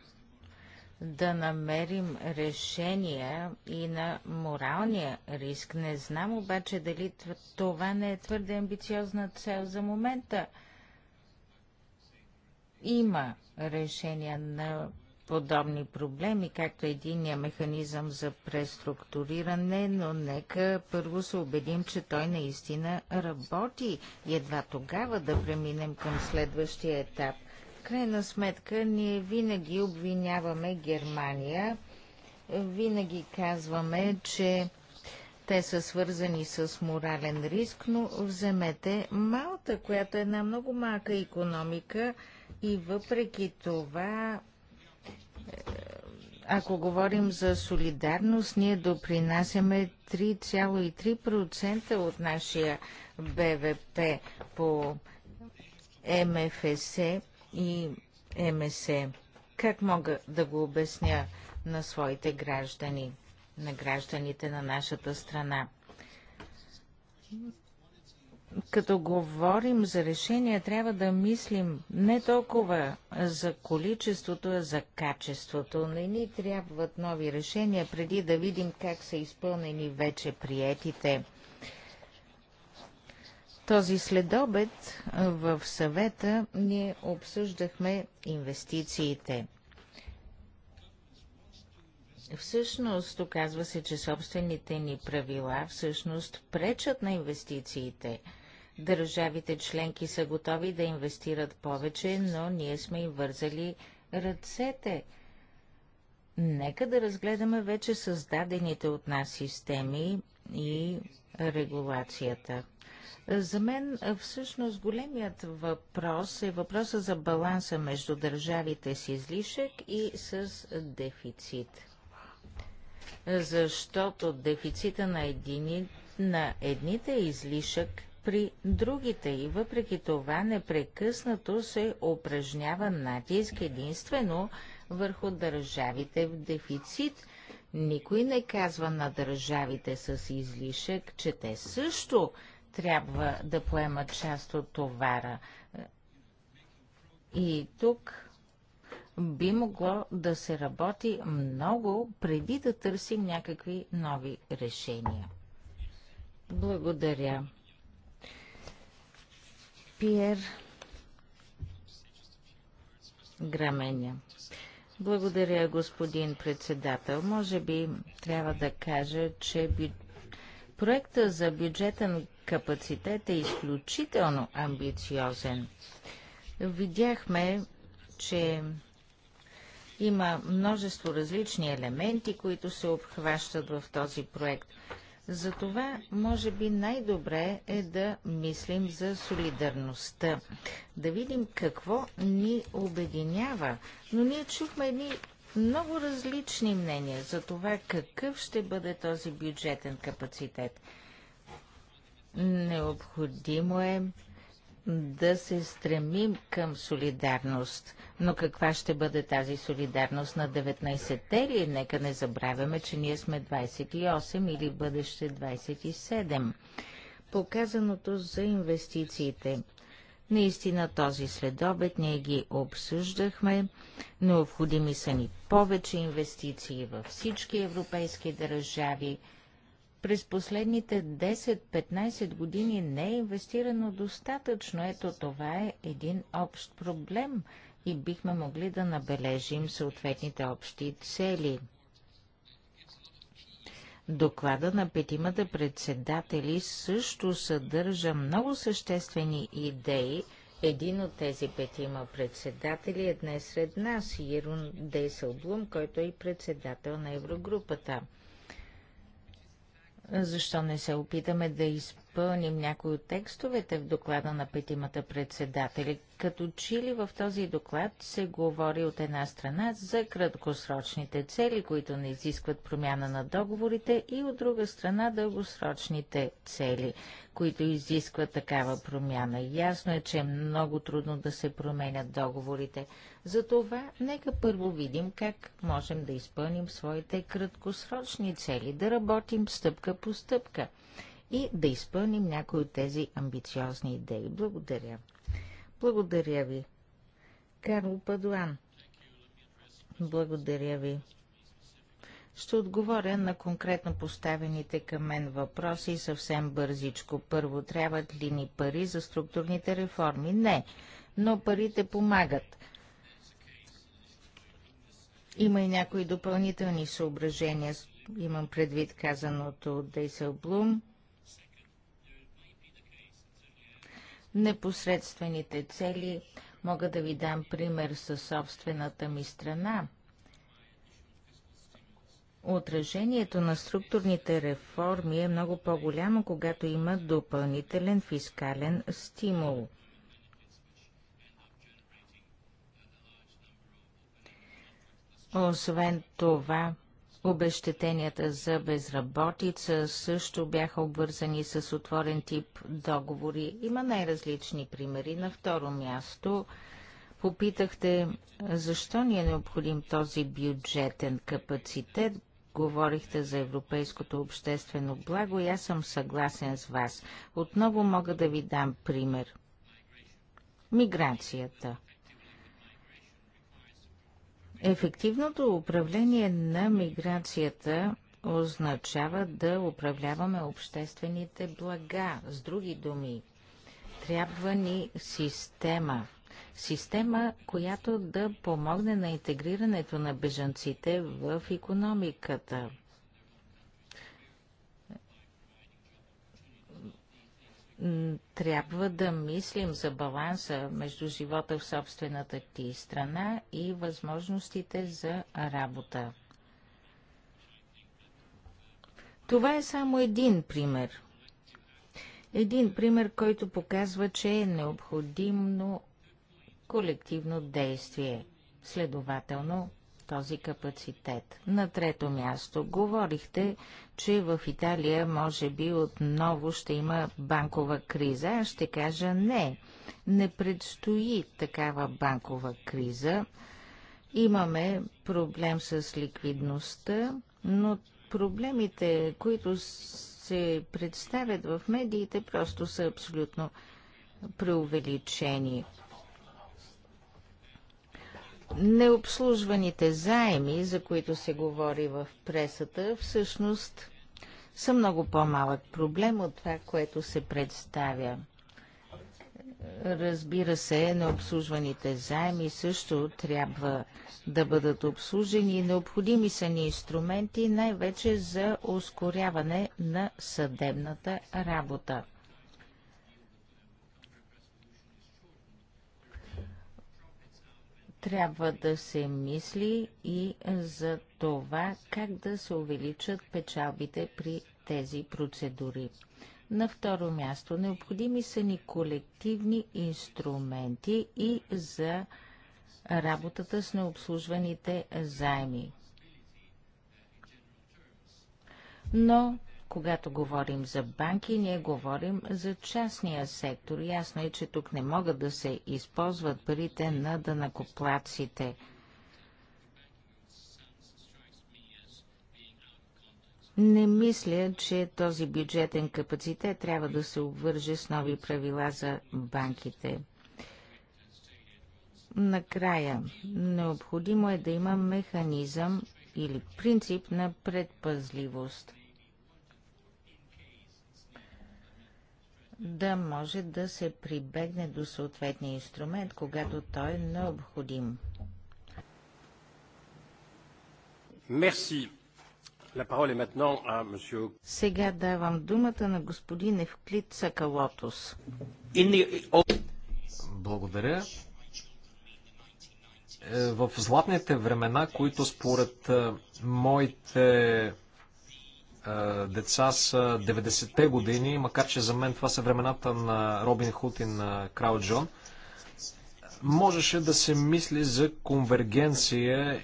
Speaker 2: да намерим решения и на моралния риск. Не знам обаче дали това не е твърде амбициозна цел за момента. Има решения на подобни проблеми, както единия механизъм за преструктуриране, но нека първо се убедим, че той наистина работи и едва тогава да преминем към следващия етап. В крайна сметка, ние винаги обвиняваме Германия, винаги казваме, че те са свързани с морален риск, но вземете Малта, която е една много малка економика, и въпреки това, е, ако говорим за солидарност, ние допринасяме 3,3% от нашия БВП по МФС и МС. Как мога да го обясня на своите граждани, на гражданите на нашата страна? като говорим за решения, трябва да мислим не толкова за количеството, а за качеството. Не ни трябват нови решения, преди да видим как са изпълнени вече приетите. Този следобед в съвета ние обсъждахме инвестициите. Всъщност, оказва се, че собствените ни правила всъщност пречат на инвестициите – Държавите членки са готови да инвестират повече, но ние сме им вързали ръцете. Нека да разгледаме вече създадените от нас системи и регулацията. За мен всъщност големият въпрос е въпроса за баланса между държавите с излишък и с дефицит. Защото дефицита на, едини, на едните е излишък при другите и въпреки това непрекъснато се упражнява натиск единствено върху държавите в дефицит. Никой не казва на държавите с излишък, че те също трябва да поемат част от товара. И тук би могло да се работи много преди да търсим някакви нови решения. Благодаря. Пиер Граменя. Благодаря, господин председател. Може би трябва да кажа, че бю... проекта за бюджетен капацитет е изключително амбициозен. Видяхме, че има множество различни елементи, които се обхващат в този проект – затова, може би, най-добре е да мислим за солидарността, да видим какво ни обединява. Но ние чухме едни много различни мнения за това какъв ще бъде този бюджетен капацитет. Необходимо е да се стремим към солидарност. Но каква ще бъде тази солидарност на 19-те ли? Нека не забравяме, че ние сме 28 или бъдеще 27. Показаното за инвестициите. Наистина този следобед ние ги обсъждахме. Необходими са ни повече инвестиции във всички европейски държави – през последните 10-15 години не е инвестирано достатъчно. Ето това е един общ проблем и бихме могли да набележим съответните общи цели. Доклада на петимата председатели също съдържа много съществени идеи. Един от тези петима председатели е днес сред нас, Ерун Дейсълблум, който е и председател на Еврогрупата. Защо не се опитаме да изпълним допълним някои от текстовете в доклада на петимата председатели. Като чили в този доклад се говори от една страна за краткосрочните цели, които не изискват промяна на договорите и от друга страна дългосрочните цели, които изискват такава промяна. Ясно е, че е много трудно да се променят договорите. Затова нека първо видим как можем да изпълним своите краткосрочни цели, да работим стъпка по стъпка и да изпълним някои от тези амбициозни идеи. Благодаря. Благодаря ви. Карл Падуан. Благодаря ви. Ще отговоря на конкретно поставените към мен въпроси съвсем бързичко. Първо, трябват ли ни пари за структурните реформи? Не, но парите помагат. Има и някои допълнителни съображения. Имам предвид казаното от Дейсел Блум. непосредствените цели. Мога да ви дам пример със собствената ми страна. Отражението на структурните реформи е много по-голямо, когато има допълнителен фискален стимул. Освен това, Обещетенията за безработица също бяха обвързани с отворен тип договори. Има най-различни примери. На второ място попитахте защо ни е необходим този бюджетен капацитет. Говорихте за европейското обществено благо и аз съм съгласен с вас. Отново мога да ви дам пример. Миграцията – Ефективното управление на миграцията означава да управляваме обществените блага. С други думи, трябва ни система. Система, която да помогне на интегрирането на бежанците в економиката. трябва да мислим за баланса между живота в собствената ти страна и възможностите за работа. Това е само един пример. Един пример, който показва, че е необходимо колективно действие. Следователно, този капацитет. На трето място говорихте, че в Италия може би отново ще има банкова криза. Аз ще кажа не. Не предстои такава банкова криза. Имаме проблем с ликвидността, но проблемите, които се представят в медиите, просто са абсолютно преувеличени. Необслужваните заеми, за които се говори в пресата, всъщност са много по-малък проблем от това, което се представя. Разбира се, необслужваните заеми също трябва да бъдат обслужени. Необходими са ни инструменти най-вече за ускоряване на съдебната работа. трябва да се мисли и за това как да се увеличат печалбите при тези процедури. На второ място, необходими са ни колективни инструменти и за работата с необслужваните заеми. Но когато говорим за банки, ние говорим за частния сектор. Ясно е, че тук не могат да се използват парите на данакоплаците. Не мисля, че този бюджетен капацитет трябва да се обвърже с нови правила за банките. Накрая, необходимо е да има механизъм или принцип на предпазливост. да може да се прибегне до съответния инструмент, когато той е необходим.
Speaker 3: Мерси.
Speaker 2: Сега давам думата на господин Евклид Сакалотос.
Speaker 1: Благодаря. Е, в златните времена, които според е, моите е, деца са 90-те години, макар че за мен това са времената на Робин Худ и на Крал Джон. Можеше да се мисли за конвергенция.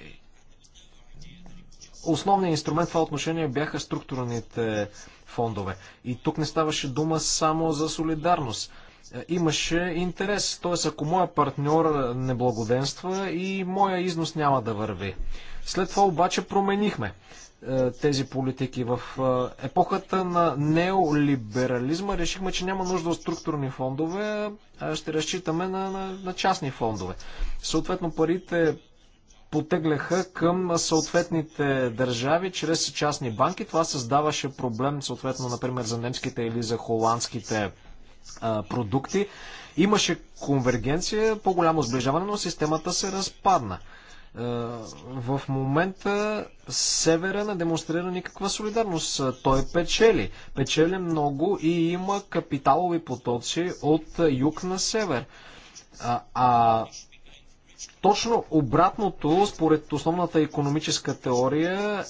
Speaker 1: Основният инструмент в това отношение бяха структурните фондове. И тук не ставаше дума само за солидарност. Е, имаше интерес. Т.е. ако моя партньор не благоденства и моя износ няма да върви. След това обаче променихме е, тези политики. В е, епохата на неолиберализма решихме, че няма нужда от структурни фондове, а ще разчитаме на, на, на частни фондове. Съответно парите потегляха към съответните държави чрез частни банки. Това създаваше проблем, съответно, например, за немските или за холандските продукти. Имаше конвергенция, по-голямо сближаване, но системата се разпадна. В момента Севера не демонстрира никаква солидарност. Той печели. Печели много и има капиталови потоци от юг на север. А, а точно обратното, според основната економическа теория,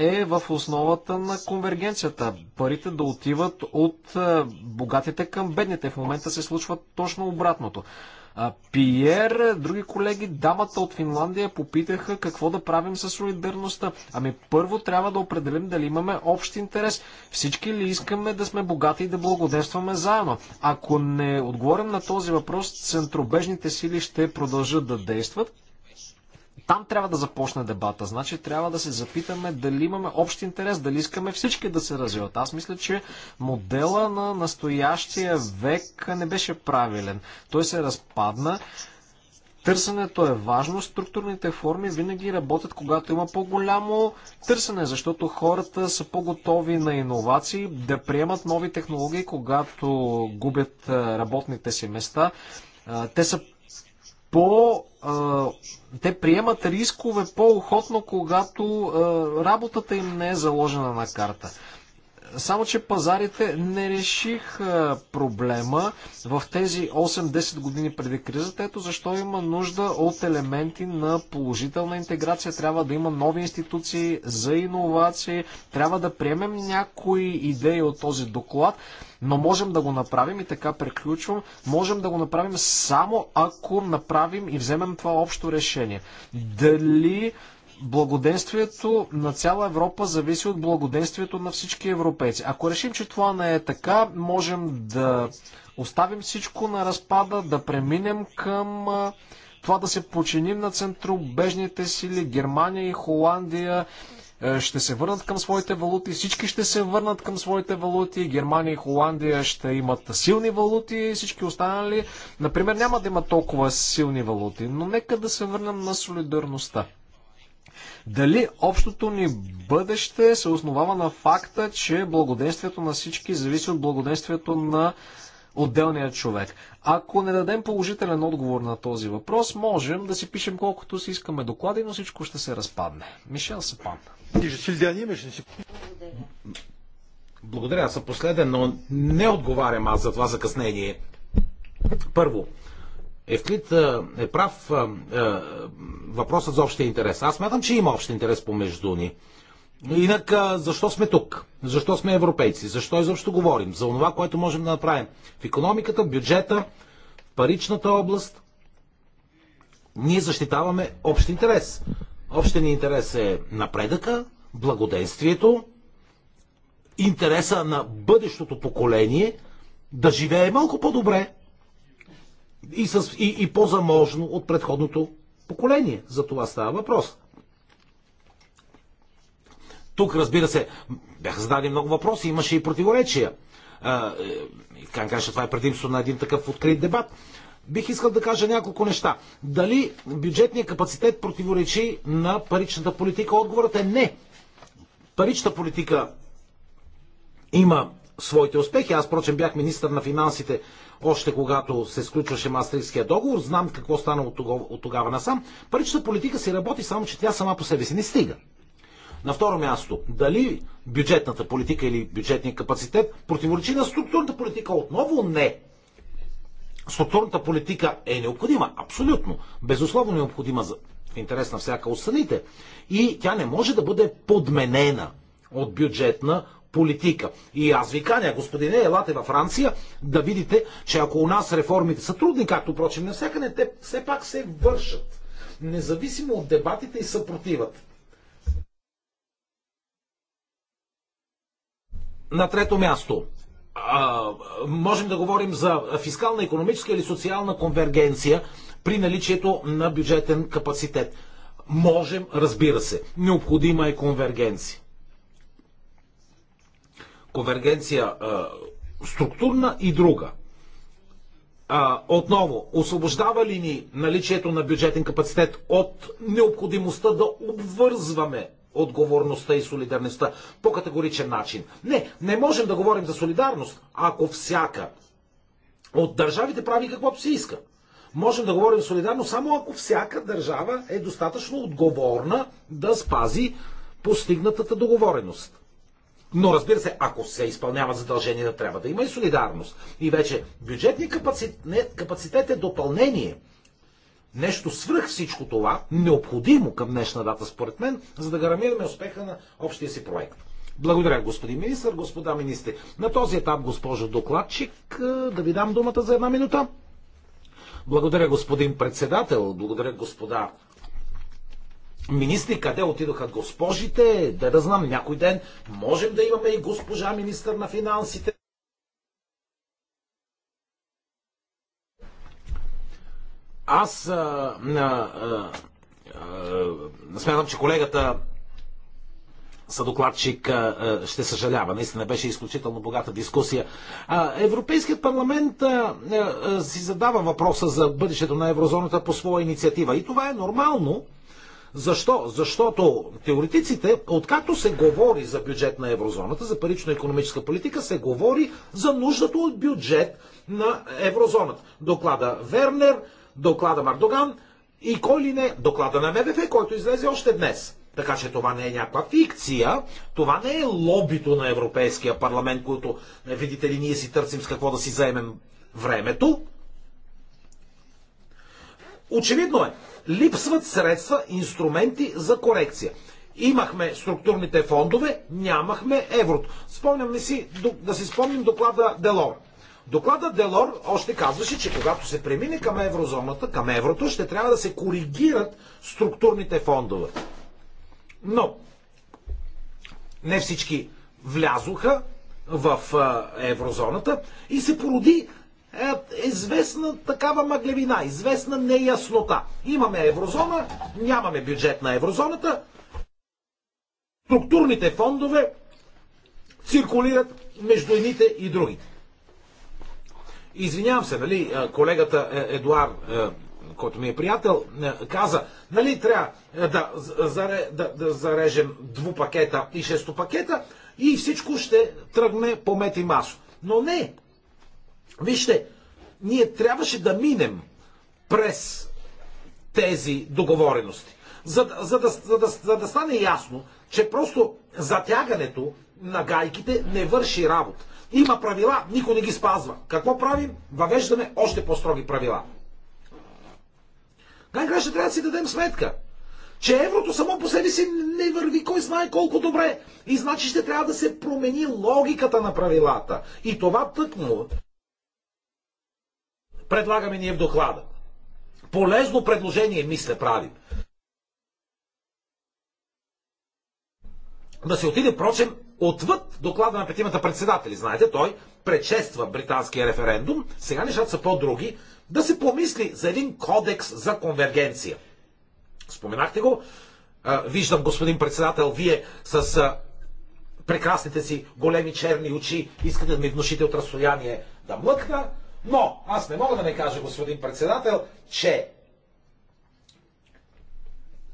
Speaker 1: е в основата на конвергенцията. Парите да отиват от е, богатите към бедните. В момента се случва точно обратното. Пиер, други колеги, дамата от Финландия попитаха какво да правим с солидарността. Ами първо трябва да определим дали имаме общ интерес. Всички ли искаме да сме богати и да благодействаме заедно? Ако не отговорим на този въпрос, центробежните сили ще продължат да действат там трябва да започне дебата. Значи трябва да се запитаме дали имаме общ интерес, дали искаме всички да се развиват. Аз мисля, че модела на настоящия век не беше правилен. Той се разпадна. Търсенето е важно, структурните форми винаги работят, когато има по-голямо търсене, защото хората са по-готови на иновации, да приемат нови технологии, когато губят работните си места. Те са по... А, те приемат рискове по-охотно, когато а, работата им не е заложена на карта. Само, че пазарите не решиха проблема в тези 8-10 години преди кризата. Ето защо има нужда от елементи на положителна интеграция. Трябва да има нови институции за иновации. Трябва да приемем някои идеи от този доклад. Но можем да го направим и така приключвам. Можем да го направим само ако направим и вземем това общо решение. Дали Благоденствието на цяла Европа зависи от благоденствието на всички европейци. Ако решим, че това не е така, можем да оставим всичко на разпада, да преминем към това да се починим на центробежните сили, Германия и Холандия ще се върнат към своите валути, всички ще се върнат към своите валути, Германия и Холандия ще имат силни валути, всички останали, например, няма да имат толкова силни валути, но нека да се върнем на солидарността. Дали общото ни бъдеще се основава на факта, че благоденствието на всички зависи от благоденствието на отделния човек? Ако не дадем положителен отговор на този въпрос, можем да си пишем колкото си искаме доклади, но всичко ще се разпадне. Мишел Сапан. Благодаря. Благодаря, аз съм последен, но
Speaker 3: не отговарям аз за това закъснение. Първо, Евклид е прав въпросът за общия интерес. Аз мятам, че има общ интерес помежду ни. Инак, защо сме тук? Защо сме европейци? Защо изобщо говорим? За това, което можем да направим в економиката, в бюджета, в паричната област. Ние защитаваме общ интерес. Общен интерес е напредъка, благоденствието, интереса на бъдещото поколение да живее малко по-добре, и, с, и, и по-заможно от предходното поколение. За това става въпрос. Тук, разбира се, бяха зададени много въпроси, имаше и противоречия. Е, как кажа, това е предимство на един такъв открит дебат. Бих искал да кажа няколко неща. Дали бюджетният капацитет противоречи на паричната политика? Отговорът е не. Паричната политика има своите успехи. Аз, впрочем, бях министър на финансите още когато се сключваше Мастрихския договор. Знам какво стана от тогава, от тогава насам. Паричната политика си работи, само че тя сама по себе си не стига. На второ място, дали бюджетната политика или бюджетния капацитет противоречи на структурната политика? Отново не. Структурната политика е необходима, абсолютно, безусловно необходима за, в интерес на всяка от страните. И тя не може да бъде подменена от бюджетна политика. И аз ви каня, господине, елате във Франция да видите, че ако у нас реформите са трудни, както прочим навсякъде, те все пак се вършат. Независимо от дебатите и съпротиват. На трето място. А, можем да говорим за фискална, економическа или социална конвергенция при наличието на бюджетен капацитет. Можем, разбира се. Необходима е конвергенция конвергенция структурна и друга. А, отново, освобождава ли ни наличието на бюджетен капацитет от необходимостта да обвързваме отговорността и солидарността по категоричен начин? Не, не можем да говорим за солидарност, ако всяка от държавите прави каквото си иска. Можем да говорим солидарно само ако всяка държава е достатъчно отговорна да спази постигнатата договореност. Но разбира се, ако се изпълняват задължения, да трябва да има и солидарност. И вече бюджетният капацитет, капацитет е допълнение. Нещо свръх всичко това, необходимо към днешна дата, според мен, за да гарантираме успеха на общия си проект. Благодаря, господин министр, господа министри. На този етап, госпожо докладчик, е, да ви дам думата за една минута. Благодаря, господин председател. Благодаря, господа министри, къде отидоха госпожите, да да знам, някой ден можем да имаме и госпожа министър на финансите. Аз а, а, а, а, смятам, че колегата съдокладчик ще съжалява. Наистина беше изключително богата дискусия. Европейският парламент си задава въпроса за бъдещето на еврозоната по своя инициатива. И това е нормално, защо? Защото теоретиците, откакто се говори за бюджет на еврозоната, за парично-економическа политика, се говори за нуждата от бюджет на еврозоната. Доклада Вернер, доклада Мардоган и кой ли не, доклада на МВФ, който излезе още днес. Така че това не е някаква фикция, това не е лобито на Европейския парламент, което, видите ли, ние си търсим с какво да си заемем времето, Очевидно е, липсват средства, инструменти за корекция. Имахме структурните фондове, нямахме еврото. Спомням ли си, да си спомним доклада Делор. Доклада Делор още казваше, че когато се премине към еврозоната, към еврото, ще трябва да се коригират структурните фондове. Но не всички влязоха в еврозоната и се породи е, известна такава мъглевина, известна неяснота. Имаме еврозона, нямаме бюджет на еврозоната, структурните фондове циркулират между едните и другите. Извинявам се, нали, е, колегата е, Едуар, който ми е приятел, каза, нали, трябва да, заре, да, да зарежем двупакета и шесто пакета, и всичко ще тръгне по мет и масо. Но не, Вижте, ние трябваше да минем през тези договорености, за, за, да, за, да, за да стане ясно, че просто затягането на гайките не върши работа. Има правила, никой не ги спазва. Какво правим? Въвеждаме още по-строги правила. Най-накрая ще трябва да си дадем сметка, че еврото само по себе си не върви кой знае колко добре. И значи ще трябва да се промени логиката на правилата. И това тъкмо предлагаме ние в доклада. Полезно предложение, мисля, правим. Да се отиде, прочем, отвъд доклада на петимата председатели. Знаете, той предшества британския референдум. Сега нещата са по-други. Да се помисли за един кодекс за конвергенция. Споменахте го. Виждам, господин председател, вие с прекрасните си големи черни очи искате да ми внушите от разстояние да млъкна. Но аз не мога да не кажа, господин председател, че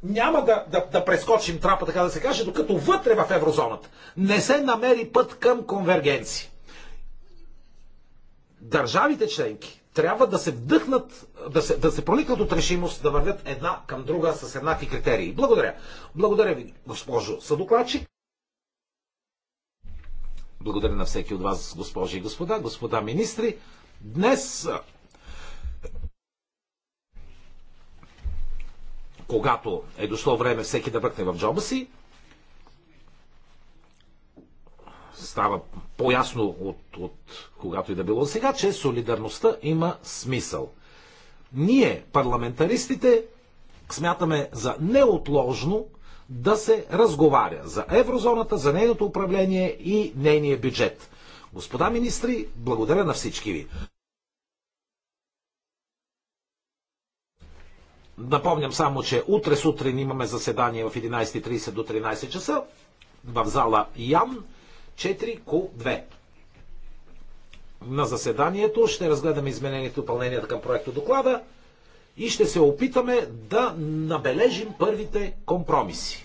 Speaker 3: няма да, да, да прескочим трапа, така да се каже, докато вътре в еврозоната не се намери път към конвергенция. Държавите членки трябва да се вдъхнат, да се, да се проникнат от решимост да вървят една към друга с еднакви критерии. Благодаря. Благодаря ви, госпожо Съдокладчик. Благодаря на всеки от вас, госпожи и господа, господа министри. Днес, когато е дошло време всеки да бръкне в джоба си, става по-ясно от, от когато и да било сега, че солидарността има смисъл. Ние, парламентаристите, смятаме за неотложно да се разговаря за еврозоната, за нейното управление и нейния бюджет. Господа министри, благодаря на всички ви. Напомням само, че утре сутрин имаме заседание в 11.30 до 13 часа в зала Ян 4Q2. На заседанието ще разгледаме изменението и допълненията към проекта доклада и ще се опитаме да набележим първите компромиси.